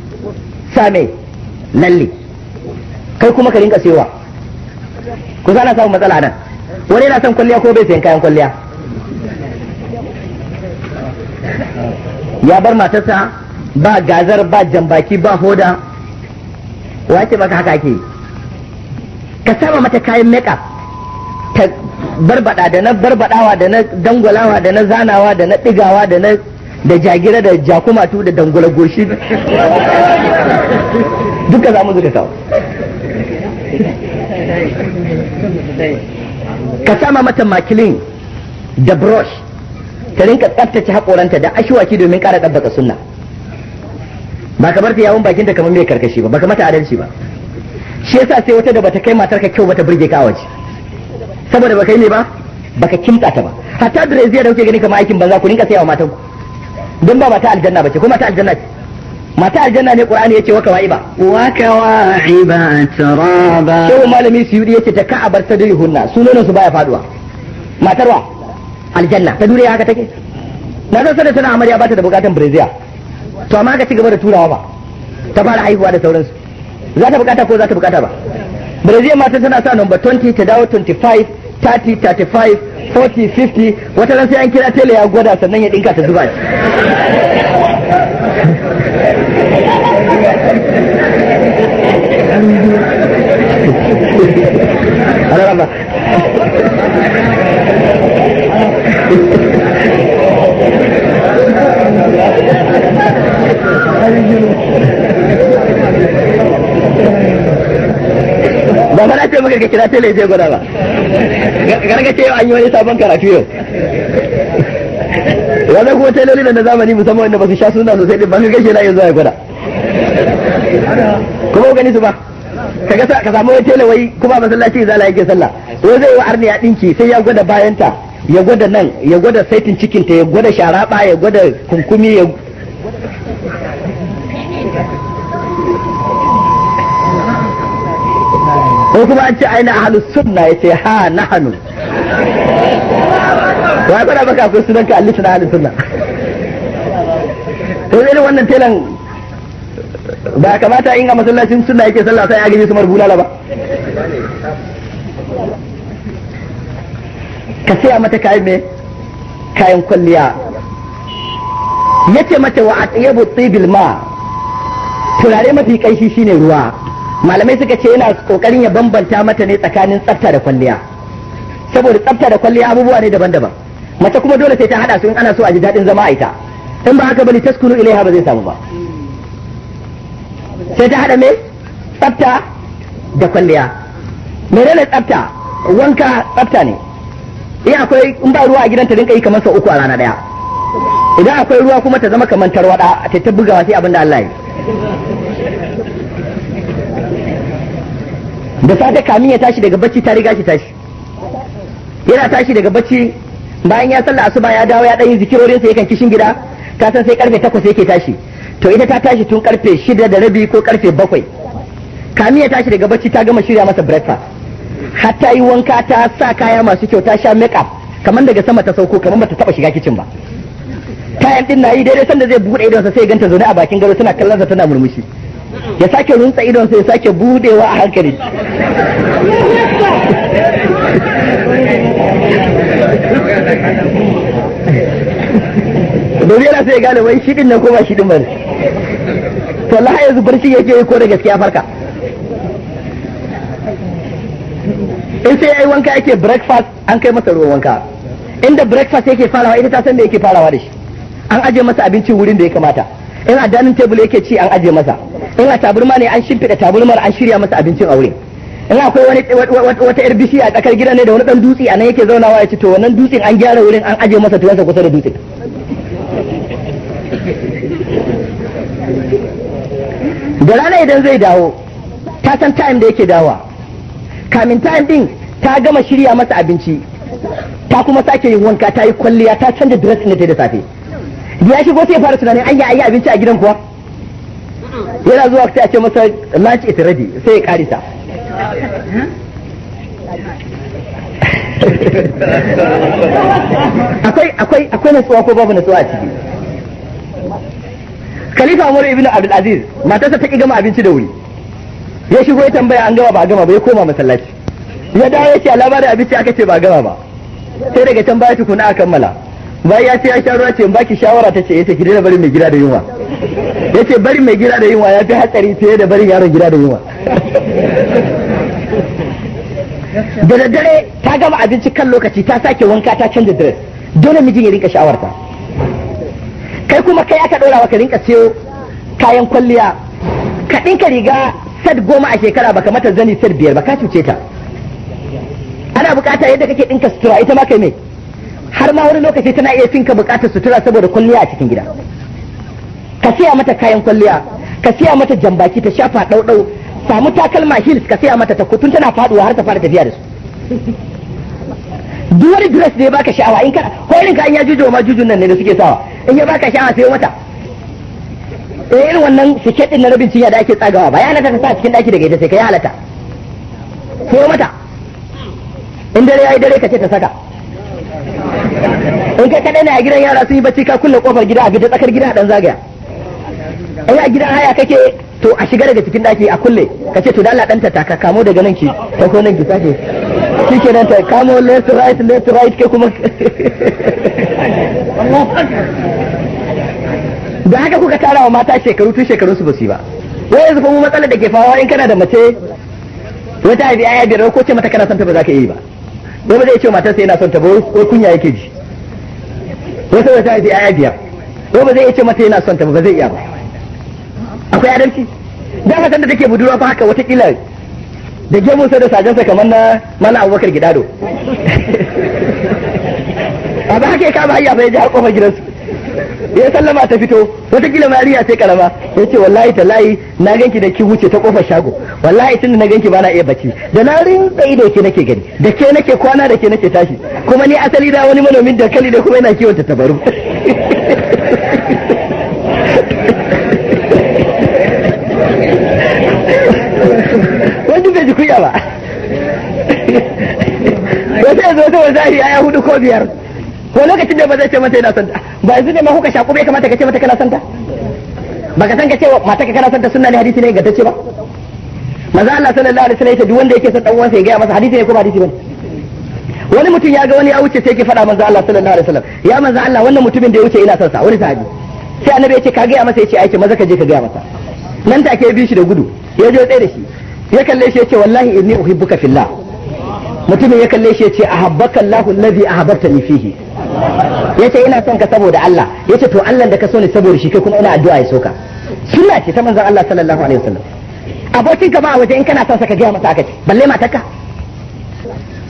sa mai lalle kai kuma ka rinka sewa ku na samun matsala nan wani yana son kwalliya ko bai sayan kayan kwalliya ya bar matarsa ba gazar ba jambaki ba hoda wace baka haka ake yi ka sama mata kayan meka ta barbada da na barbadawa da na dangwalawa da na zanawa da na digawa da na da jagira da jakumatu da dangwala goshi duka za mu zuka kawo ka sama mata makilin da brush ta rinka tsaftace haƙoranta da ashiwaki domin ƙara ɗabbaka sunna ba ka bar ta yawon bakinta kamar mai karkashi ba ba ka mata adalci ba shi yasa sai wata da bata kai matar ka kyau bata burge ka waje saboda baka yi ne ba baka kimta ta ba hatta dreziya da kuke gani kamar aikin banza ku rinka sayawa matan ku don ba mata aljanna bace ko mata aljanna ce mata aljanna ne qur'ani yace wa wa'iba wa wa'iba taraba shehu malami suyudi yace ta ka'abar sadrihunna sunonin su baya faduwa matarwa aljanna ta dure haka take na san sanin tana amarya bata da bukatan breziya to amma ka ci gaba da turawa ba ta fara haihuwa da sauransu za ta bukata ko za ta bukata ba brazil mata tana sa number 20 ta dawo 25 30 35 40 50 wata ran sai an kira tele ya gwada sannan ya dinka ta zuba shi Alarama. maka ka kira tele zai gwada ba gargace yau an yi wani sabon karatu yau wanda kuma teloli da na zamani musamman wanda ba su sha suna sosai din ba su gashi na yanzu ya gwada kuma gani su ba ka kaga ka samu wani tele wai kuma masallaci la yake sallah wai zai yi arni ya dinki sai ya gwada bayanta ya gwada nan ya gwada saitin cikinta ya gwada sharaba ya gwada kunkumi ya ko kuma an ce aina ahlu sunna yace ha nahnu wai bana baka akwai sunan ka allisa na ahlu sunna to irin wannan telan ba kamata in a masallacin sunna yake sallah sai ya gaji su marbulala ba ka saya mata kayan me kayan kwalliya yace mata wa atyabu tibil ma turare mafi kai shi shine ruwa malamai suka ce yana kokarin ya bambanta mata ne tsakanin tsafta da kwalliya saboda tsafta da kwalliya abubuwa ne daban-daban mace kuma dole sai ta hada su in ana so a ji daɗin zama a ita in ba haka bane taskunu ilaiha ba zai samu ba sai ta hada me tsafta da kwalliya menene tsafta wanka tsafta ne in akwai in ba ruwa a gidan ta rinka yi kamar sau uku a rana daya idan akwai ruwa kuma ta zama kamar tarwada ta ta bugawa sai abin da Allah ya da safe kamin ya tashi daga bacci ta riga shi tashi yana tashi daga bacci bayan ya sallah asuba ya dawo ya dan zikirorin sa yakan kishin gida ka san sai karfe 8 yake tashi to ita ta tashi tun karfe 6 da rabi ko karfe 7 kamin ya tashi daga bacci ta gama shirya masa breakfast har yi wanka ta sa kaya masu kyau ta sha make up kamar daga sama ta sauko kamar bata taba shiga kicin ba kayan din na yi daidai sanda zai bude idonsa sai ganta zaune a bakin gado tana kallon sa tana murmushi ya sake runtsa idon sai ya sake budewa a hankali domin yana sai ya gane wai shidin nan ko ba shidin ba ne to Allah ya zubar shi yake yi ko da gaskiya farka in sai yayi wanka yake breakfast an kai masa ruwan wanka inda breakfast yake farawa ita ta san da yake farawa da shi an aje masa abincin wurin da ya kamata in a dining table yake ci an aje masa in a taburma ne an shimfiɗa taburmar an shirya masa abincin aure in akwai wani wata yar bishiya a tsakar gidan ne da wani dan dutse a nan yake zaunawa ya ci to wannan dutsen an gyara wurin an aje masa tuwansa kusa da dutsen da rana idan zai dawo ta san time da yake dawa kamin time din ta gama shirya masa abinci ta kuma sake yin wanka ta yi kwalliya ta canza dressing da ta da safe ya shigo sai fara tunanin an yi abinci a gidan kuwa yana zuwa sai a ce masa lunch is ready sai ya karisa akwai akwai akwai ko babu nasuwa a ciki khalifa umar ibn abdul aziz matarsa ta ki gama abinci da wuri ya shigo ya tambaya an gama ba gama ba ya koma masallaci ya dawo ya ce labarin abinci aka ce ba gama ba sai daga can baya tukuna a kammala bayan ya ce ya sha ce baki shawara ta ce ya eh, ki daina barin mai gida da yunwa yace barin mai gida da yunwa ya fi hatsari fiye da barin yaron gida da yunwa da daddare ta gama abinci kan lokaci ta sake wanka ta canza dress dole mijin ya rinka sha'awarta kai kuma kai aka ɗora ka rinka siyo kayan kwalliya ka ɗinka riga sad goma a shekara baka mata zani sad biyar ba ka cuce ta ana bukata yadda kake ɗinka sutura ita ma kai mai har ma wani lokaci tana iya cinka bukatar sutura saboda kwalliya a cikin gida ka siya mata kayan kwalliya ka siya mata jambaki ta shafa ɗauɗau samu takalma hills ka siya mata takutun tana faduwa har ta fara tafiya da su duk wani dress da ya baka sha'awa in ka ko irin kayan ya jujuwa ma jujun nan ne da suke sawa in ya baka sha'awa sai mata eh irin wannan siket din na rabin cinya da ake tsagawa ba ya halatta ta sa cikin daki daga ita sai ka yi halatta ko mata in dare yayi dare ka ce ta saka in ka kadai ne a gidan yara sun yi bacci ka kulle kofar gida a fita tsakar gida dan zagaya in a gidan haya kake to a shiga daga cikin daki a kulle ka ce to da Allah ɗanta ta ka kamo daga nan ki ta ko nan ki sake shi ke nan ta kamo left right left right ke kuma da haka kuka tara wa mata shekaru tun shekaru su basu ba wai yanzu mu matsalar da ke fawa in kana da mace wata haifi aya biyar ko ce mata kana santa ta ba za ka yi ba wai ba zai ce matarsa yana son ta ba wai kunya yake ji wai saboda ta haifi yaya biyar wai ba zai ce mata yana son ta ba zai iya ba akwai adalci da haka da take budurwa ba haka watakila da gemun sa da sajansa kamar na mana abubakar gidado a ba haka ya kama hanya bai ji haƙofar gidansu ya sallama ta fito wataƙila mariya sai karama ya ce wallahi talahi na ganki da ki wuce ta kofar shago wallahi da na ganki bana iya bacci da na rinka ido ke nake gani da ke nake kwana da ke nake tashi kuma ni asali da wani manomin kali da kuma yana kiwon tabaru wani bai ji kuya ba wata yanzu wata wanzari ya hudu ko biyar ko lokacin da ba zai ce mata yana son ba yanzu ne ma kuka shaku bai kamata ka ce mata kana santa ba ka san ka ce mata ka kana santa sunna ne hadisi ne ga ce ba maza Allah sallallahu alaihi wasallam duk wanda yake son dan uwansa ya gaya masa hadisi ne ko ba hadisi bane wani mutum ya ga wani ya wuce sai yake faɗa manzo Allah sallallahu alaihi wasallam ya manzo Allah wannan mutumin da ya wuce ina son sa wani sahabi sai annabi ya ce ka gaya masa ya ce aiki maza ka je ka gaya masa nan take bi shi da gudu ya je tsaye da shi ya kalle shi ya ce wallahi inni uhibbuka fillah mutumin ya kalle shi ya ce ahabbaka Allahu alladhi ahabbtani fihi ya ce ina son ka saboda Allah ya ce to Allah da ka so ne saboda shi kai kuma ina addu'a ya soka sunna ce ta manzon Allah sallallahu alaihi wasallam abokin ka ba a waje in kana son sa ka gaya masa aka ce balle ba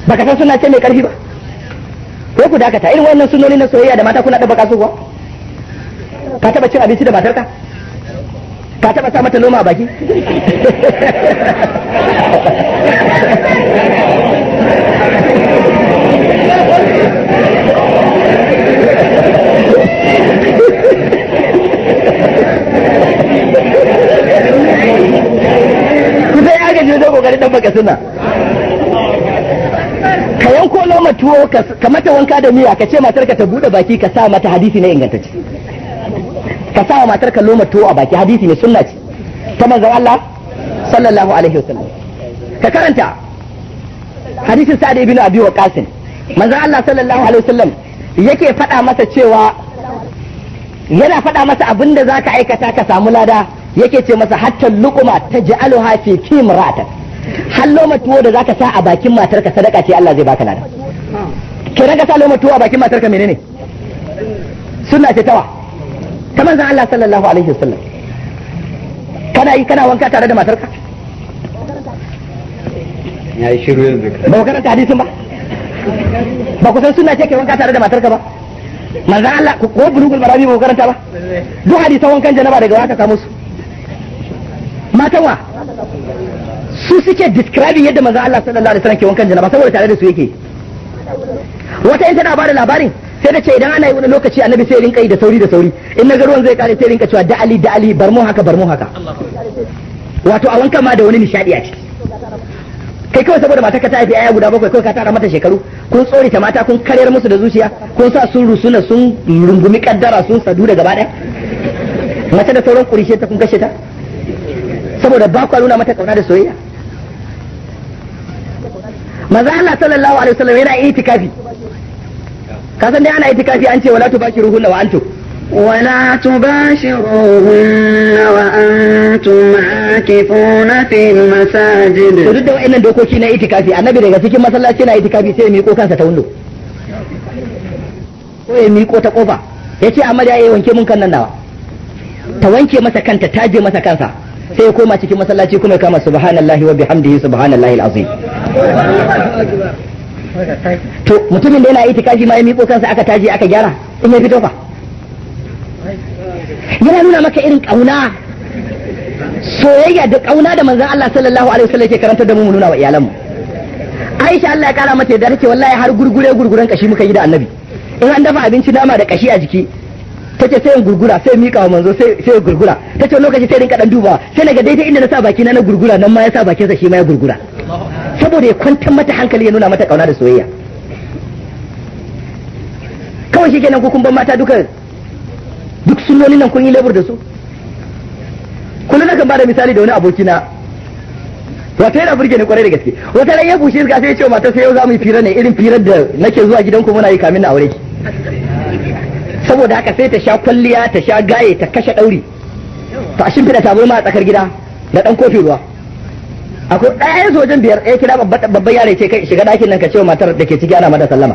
baka san sunna ce mai karfi ba ko ku dakata irin wannan sunnoni na soyayya da mata kuna da baka su ka taba cin abinci da matar ka taba sa mata noma a baki matan baka suna ka yanko loma tuwo ka mata wanka da miya ka ce matar ka ta bude baki ka sa mata hadisi na ingantacce ka sa wa matar ka loma tuwo a baki hadisi ne sunna ce ta manzon Allah sallallahu alaihi wasallam ka karanta hadisin sa'ad ibn abi waqas manzon Allah sallallahu alaihi wasallam yake faɗa masa cewa yana faɗa masa abin da za ka aikata ka samu lada yake ce masa hatta luquma taj'aluha fi kimratak har loma tuwo da zaka sa a bakin matarka sadaka ce Allah zai baka lada ke ka sa loma tuwo a bakin matarka menene sunna ce tawa ta zan Allah sallallahu alaihi wasallam kana yi kana wanka tare da matarka ya yi shiru yanzu ba ku karanta hadisin ba ba ku san sunna ce ke wanka tare da matarka ba manzan Allah ko bulugul marami ba ku karanta ba duk hadisan wankan janaba daga waka ka musu matan wa su suke describing yadda maza Allah sallallahu alaihi wasallam ke wankan janaba saboda tare da su yake wata in tana bada labarin sai da ce idan ana yi wani lokaci annabi sai rinka yi da sauri da sauri in na ruwan zai kare sai rinka cewa da ali da ali bar mu haka bar mu haka wato a wanka ma da wani nishadi a ciki kai kawai saboda mata ka ta haifi aya guda bakwai kawai ka tara mata shekaru kun tsori ta mata kun karyar musu da zuciya kun sa sun rusuna sun rungumi kaddara sun sadu da gaba daya mace da sauran kurishe ta kun kashe ta saboda ba kwa nuna mata kauna da soyayya maza Allah sallallahu alaihi wasallam yana itikafi ka san dai ana itikafi an ce wala tubashiruhunna wa antum ولا تباشروهن وأنتم عاكفون في المساجد duk da wa'annan dokoki na itikafi annabi daga cikin masallaci na itikafi sai miƙo kansa ta wundo ko ya miƙo ta kofa ya ce amma eh, wanke mun kan nan nawa ta wanke masa kanta ta je masa kansa sai ya koma cikin masallaci kuma kama subhanallahi wa bihamdihi subhanallahi to mutumin da yana itikafi ma ya miƙo kansa aka taji aka gyara in ya fito fa yana nuna maka irin ƙauna soyayya da ƙauna da manzan Allah sallallahu alaihi wasallam ke karanta da mu nuna wa iyalanmu Aisha Allah ya kara mata da ce wallahi har gurgure gurguren kashi muka yi da Annabi in an dafa abinci nama da kashi a jiki ta ce sai in gurgura sai mika wa manzo sai sai gurgura ce lokaci sai rinka dan dubawa sai naga daidai inda na sa baki na na gurgura nan ma ya sa bakinsa shi ma ya gurgura saboda ya kwanta mata hankali ya nuna mata kauna da soyayya kawai shi kenan ko ban mata duka duk sunnonin nan kun yi lebur da su kullum na kan bada misali da wani abokina wata yana burge ni kwarai da gaske wata ran ya bushe ga sai ya ce mata sai yau za mu yi firar ne irin firar da nake zuwa gidan ku muna yi kamin na aure ki saboda haka sai ta sha kwalliya ta sha gaye ta kashe dauri to a ta tabarma a tsakar gida da dan kofi ruwa akwai ɗayan sojan biyar eh, ya kira babban yare ce kai shiga ɗakin nan ka ce wa matar da ke ciki ana mata sallama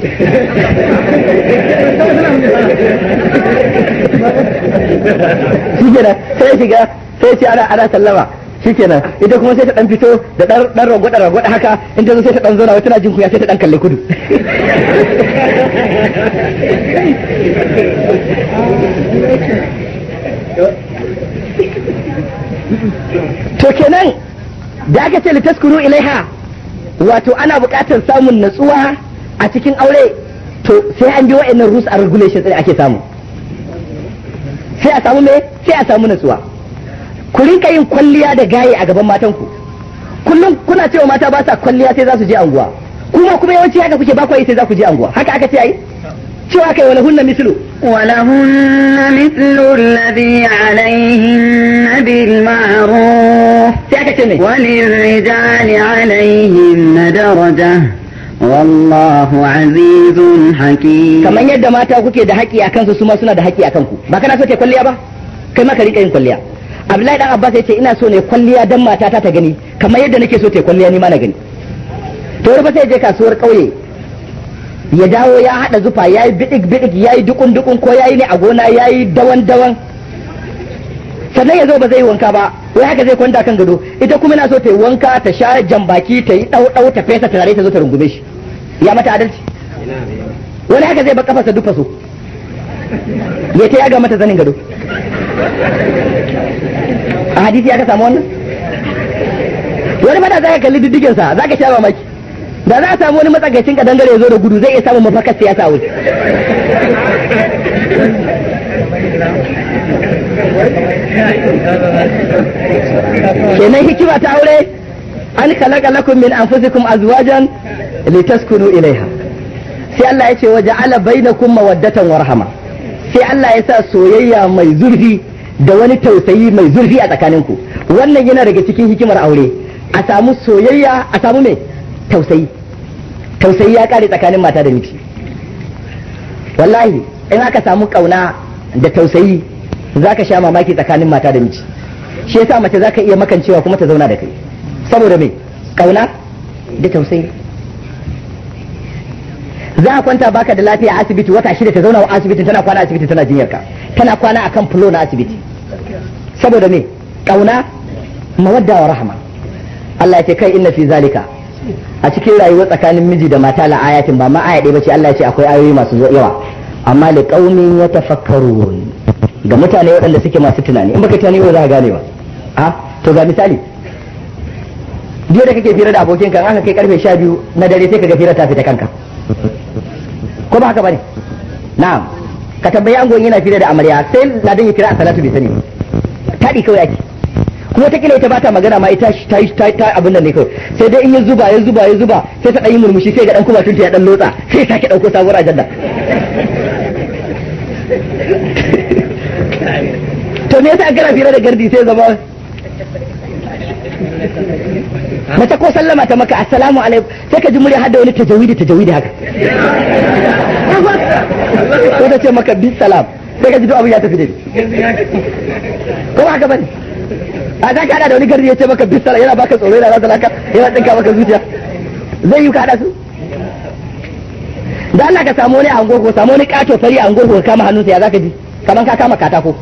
shikenan sai shiga sai ce ana ana sallama shikenan ita kuma sai ta dan fito da dan dan ragwada ragwada haka in ta zo sai ta dan zauna tana jin kuya sai ta dan kalle kudu to kenan da aka ce litaskuru ilaiha wato ana buƙatar samun natsuwa a cikin aure to sai an bi wa'annan rules and regulations din ake samu sai a samu me sai a samu natsuwa ku rinka yin kwalliya da gaye a gaban matanku kullum kuna cewa mata ba sa kwalliya sai za su je anguwa kuma kuma yawanci haka kuke ba ku sai za ku je anguwa haka aka ce ai cewa yi walahun na mislu walahun na mislu ladhi alaihin nabil ma'ruf sai aka ce ne walil rijali alaihin na daraja Wallahu azizun haƙi. kamar yadda mata kuke da haƙi a kansu su ma suna da haƙi a kanku ba kana so ke kwalliya ba kai ma ka rika yin kwalliya Abdullahi dan Abbas ya ce ina so ne kwalliya dan mata ta ta gani kamar yadda nake so ta kwalliya ni ma na gani to ba sai je kasuwar ƙauye. ya dawo ya haɗa zufa ya yi bidik bidik ya yi dukun dukun ko ya yi ne a gona ya yi dawan dawan sannan ya zo ba zai wanka ba wai haka zai kwanta kan gado ita kuma na so ta yi wanka ta sha jambaki ta yi dau ta fesa tare ta zo ta rungume shi ya mata adalci wani haka zai ba kafarsa dufa so ya ta yaga mata zanin gado a hadisi ya ka samu wannan wani mata za ka kalli diddiginsa za ka sha mamaki da za a samu wani matsagacin ka dangare zo da gudu zai iya samun mafakar siyasa wuce kenan hikima ta aure an kalaka lakum min anfusikum azwajan litaskunu ilaiha sai Allah ya ce waja'ala bainakum mawaddatan warhama sai Allah ya sa soyayya mai zurfi da wani tausayi mai zurfi a tsakaninku wannan yana daga cikin hikimar aure a samu soyayya a samu mai tausayi tausayi ya kare tsakanin mata da miji wallahi in aka samu kauna da tausayi za ka sha mamaki tsakanin mata da miji shi yasa mace za ka iya makancewa kuma ta zauna da kai saboda me kauna da tausayi za a kwanta baka da lafiya a asibiti wata shida ta zauna a asibiti tana kwana asibiti tana jinyar ka tana kwana akan fulo na asibiti saboda me kauna mawadda wa rahama Allah ya ce kai inna fi zalika a cikin rayuwa tsakanin miji da mata la ayatin ba ma aya ɗaya bace Allah ya ce akwai ayoyi masu yawa amma li qaumin yatafakkarun ga mutane waɗanda suke masu tunani in baka tunani ba za ka gane ba a to ga misali jiya da kake fira da abokin kan aka kai karfe 12 na dare sai kaga fira ta fita kanka ko ba haka bane na'am ka tambayi angon yana fira da amarya sai ladan ya kira a salatu bi sani tadi kawai yake wataƙila ita bata magana ma ita ta ta abin nan ne kawai sai dai in ya zuba ya zuba ya zuba sai ta ɗan yi murmushi sai ga ɗan kuma tunta ya ɗan lotsa sai ta ki ɗauko sabuwar ajanda to me yasa gara fira da gardi sai zama mace ko sallama ta maka assalamu alaikum sai ka ji murya har da wani tajawidi tajawidi haka ko ta ce maka bi salam sai ka ji duk abin ya tafi da ko haka bane a za ka da wani gardi ya ce maka bisala yana baka tsoro yana zata laka yana tsinka maka zuciya zai yi ka su da Allah ka samu wani angon ko samu wani kato fari a angon ko kama hannunsa ya zaka ji kamar ka kama katako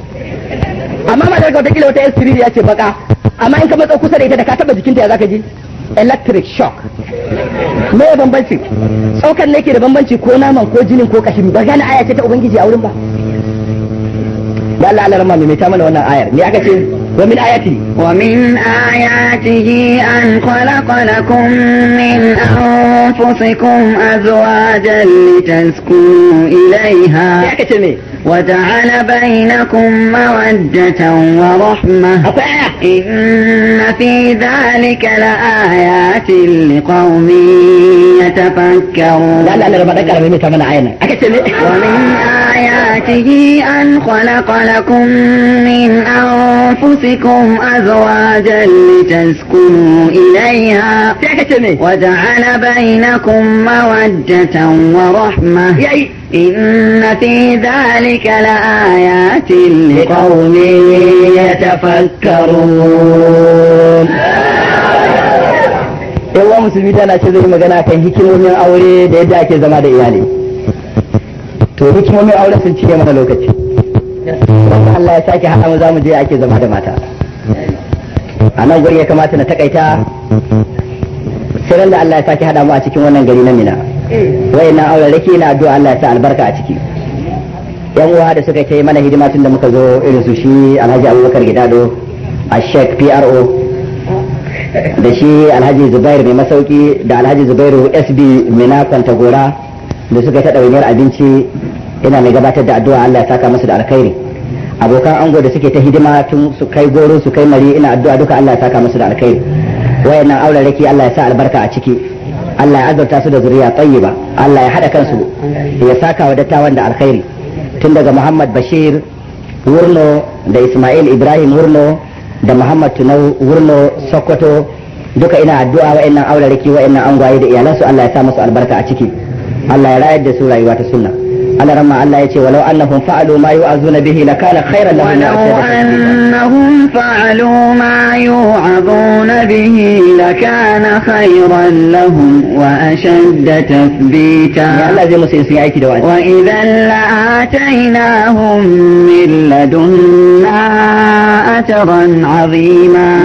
amma ma daga wata kila wata STD ya ce baka amma in ka matsa kusa da ita da ka taba jikinta ya zaka ji electric shock me ya bambanci tsaukan ne ke da bambanci ko naman ko jinin ko kashin ba gane aya ce ta ubangiji a wurin ba da Allah ma mai ta mana wannan ayar ne aka ce ومن آياته ومن آياته أن خلق لكم من أنفسكم أزواجا لتسكنوا إليها وجعل بينكم مودة ورحمة إن في ذلك لآيات لقوم يتفكرون لا لا لا بدك أنا من عينك ومن آياته آياته أن خلق لكم من أنفسكم أزواجا لتسكنوا إليها وجعل بينكم مودة ورحمة إن في ذلك لآيات لقوم يتفكرون yawan musulmi tana ce zai magana kan hikimomin aure da yadda ake zama da iyali to hikimomin aure sun cike mana lokaci wanda Allah ya sake haɗa mu za mu je ake zama da mata a nan gari ya kamata na takaita sai da Allah ya sake haɗa mu a cikin wannan gari na Mina na aure rake na addu'a Allah ya sa albarka a ciki yan uwa da suka kai mana hidima tun da muka zo irin su shi Alhaji Abubakar Gidado a Sheikh PRO da shi Alhaji Zubair mai masauki da Alhaji Zubairu SB Mina Kwantagora da suka ta ɗauniyar abinci ina mai gabatar da addu'a Allah ya saka masa da alkhairi abokan ango da suke ta hidima tun su kai goro su kai mari ina addu'a duka Allah ya saka masa da alkhairi wayannan aurareki Allah ya sa albarka a ciki Allah ya azurta su da zuriya tayyiba Allah ya hada kansu ya saka wa dattawan da alkhairi tun daga Muhammad Bashir Wurno da Ismail Ibrahim Wurno da Muhammad Tunau Wurno Sokoto duka ina addu'a wa'annan aurareki wayannan angwaye da iyalansu Allah ya sa musu albarka a ciki Allah ya rayar da su rayuwa ta sunna على رمى على يتي ولو أنهم فعلوا ما يوعظون به لكان خيرا لهم ولو أنهم فعلوا ما يوعظون به لكان خيرا لهم وأشد تثبيتا وإذا لآتيناهم من لدنا أجرا عظيما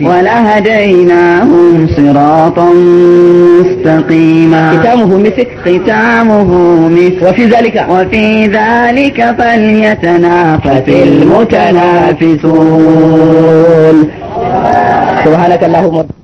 ولهديناهم صراطا مستقيما ختامه مسك ختامه مسك وفي وفي ذلك وفي ذلك فليتنافس المتنافسون سبحانك اللهم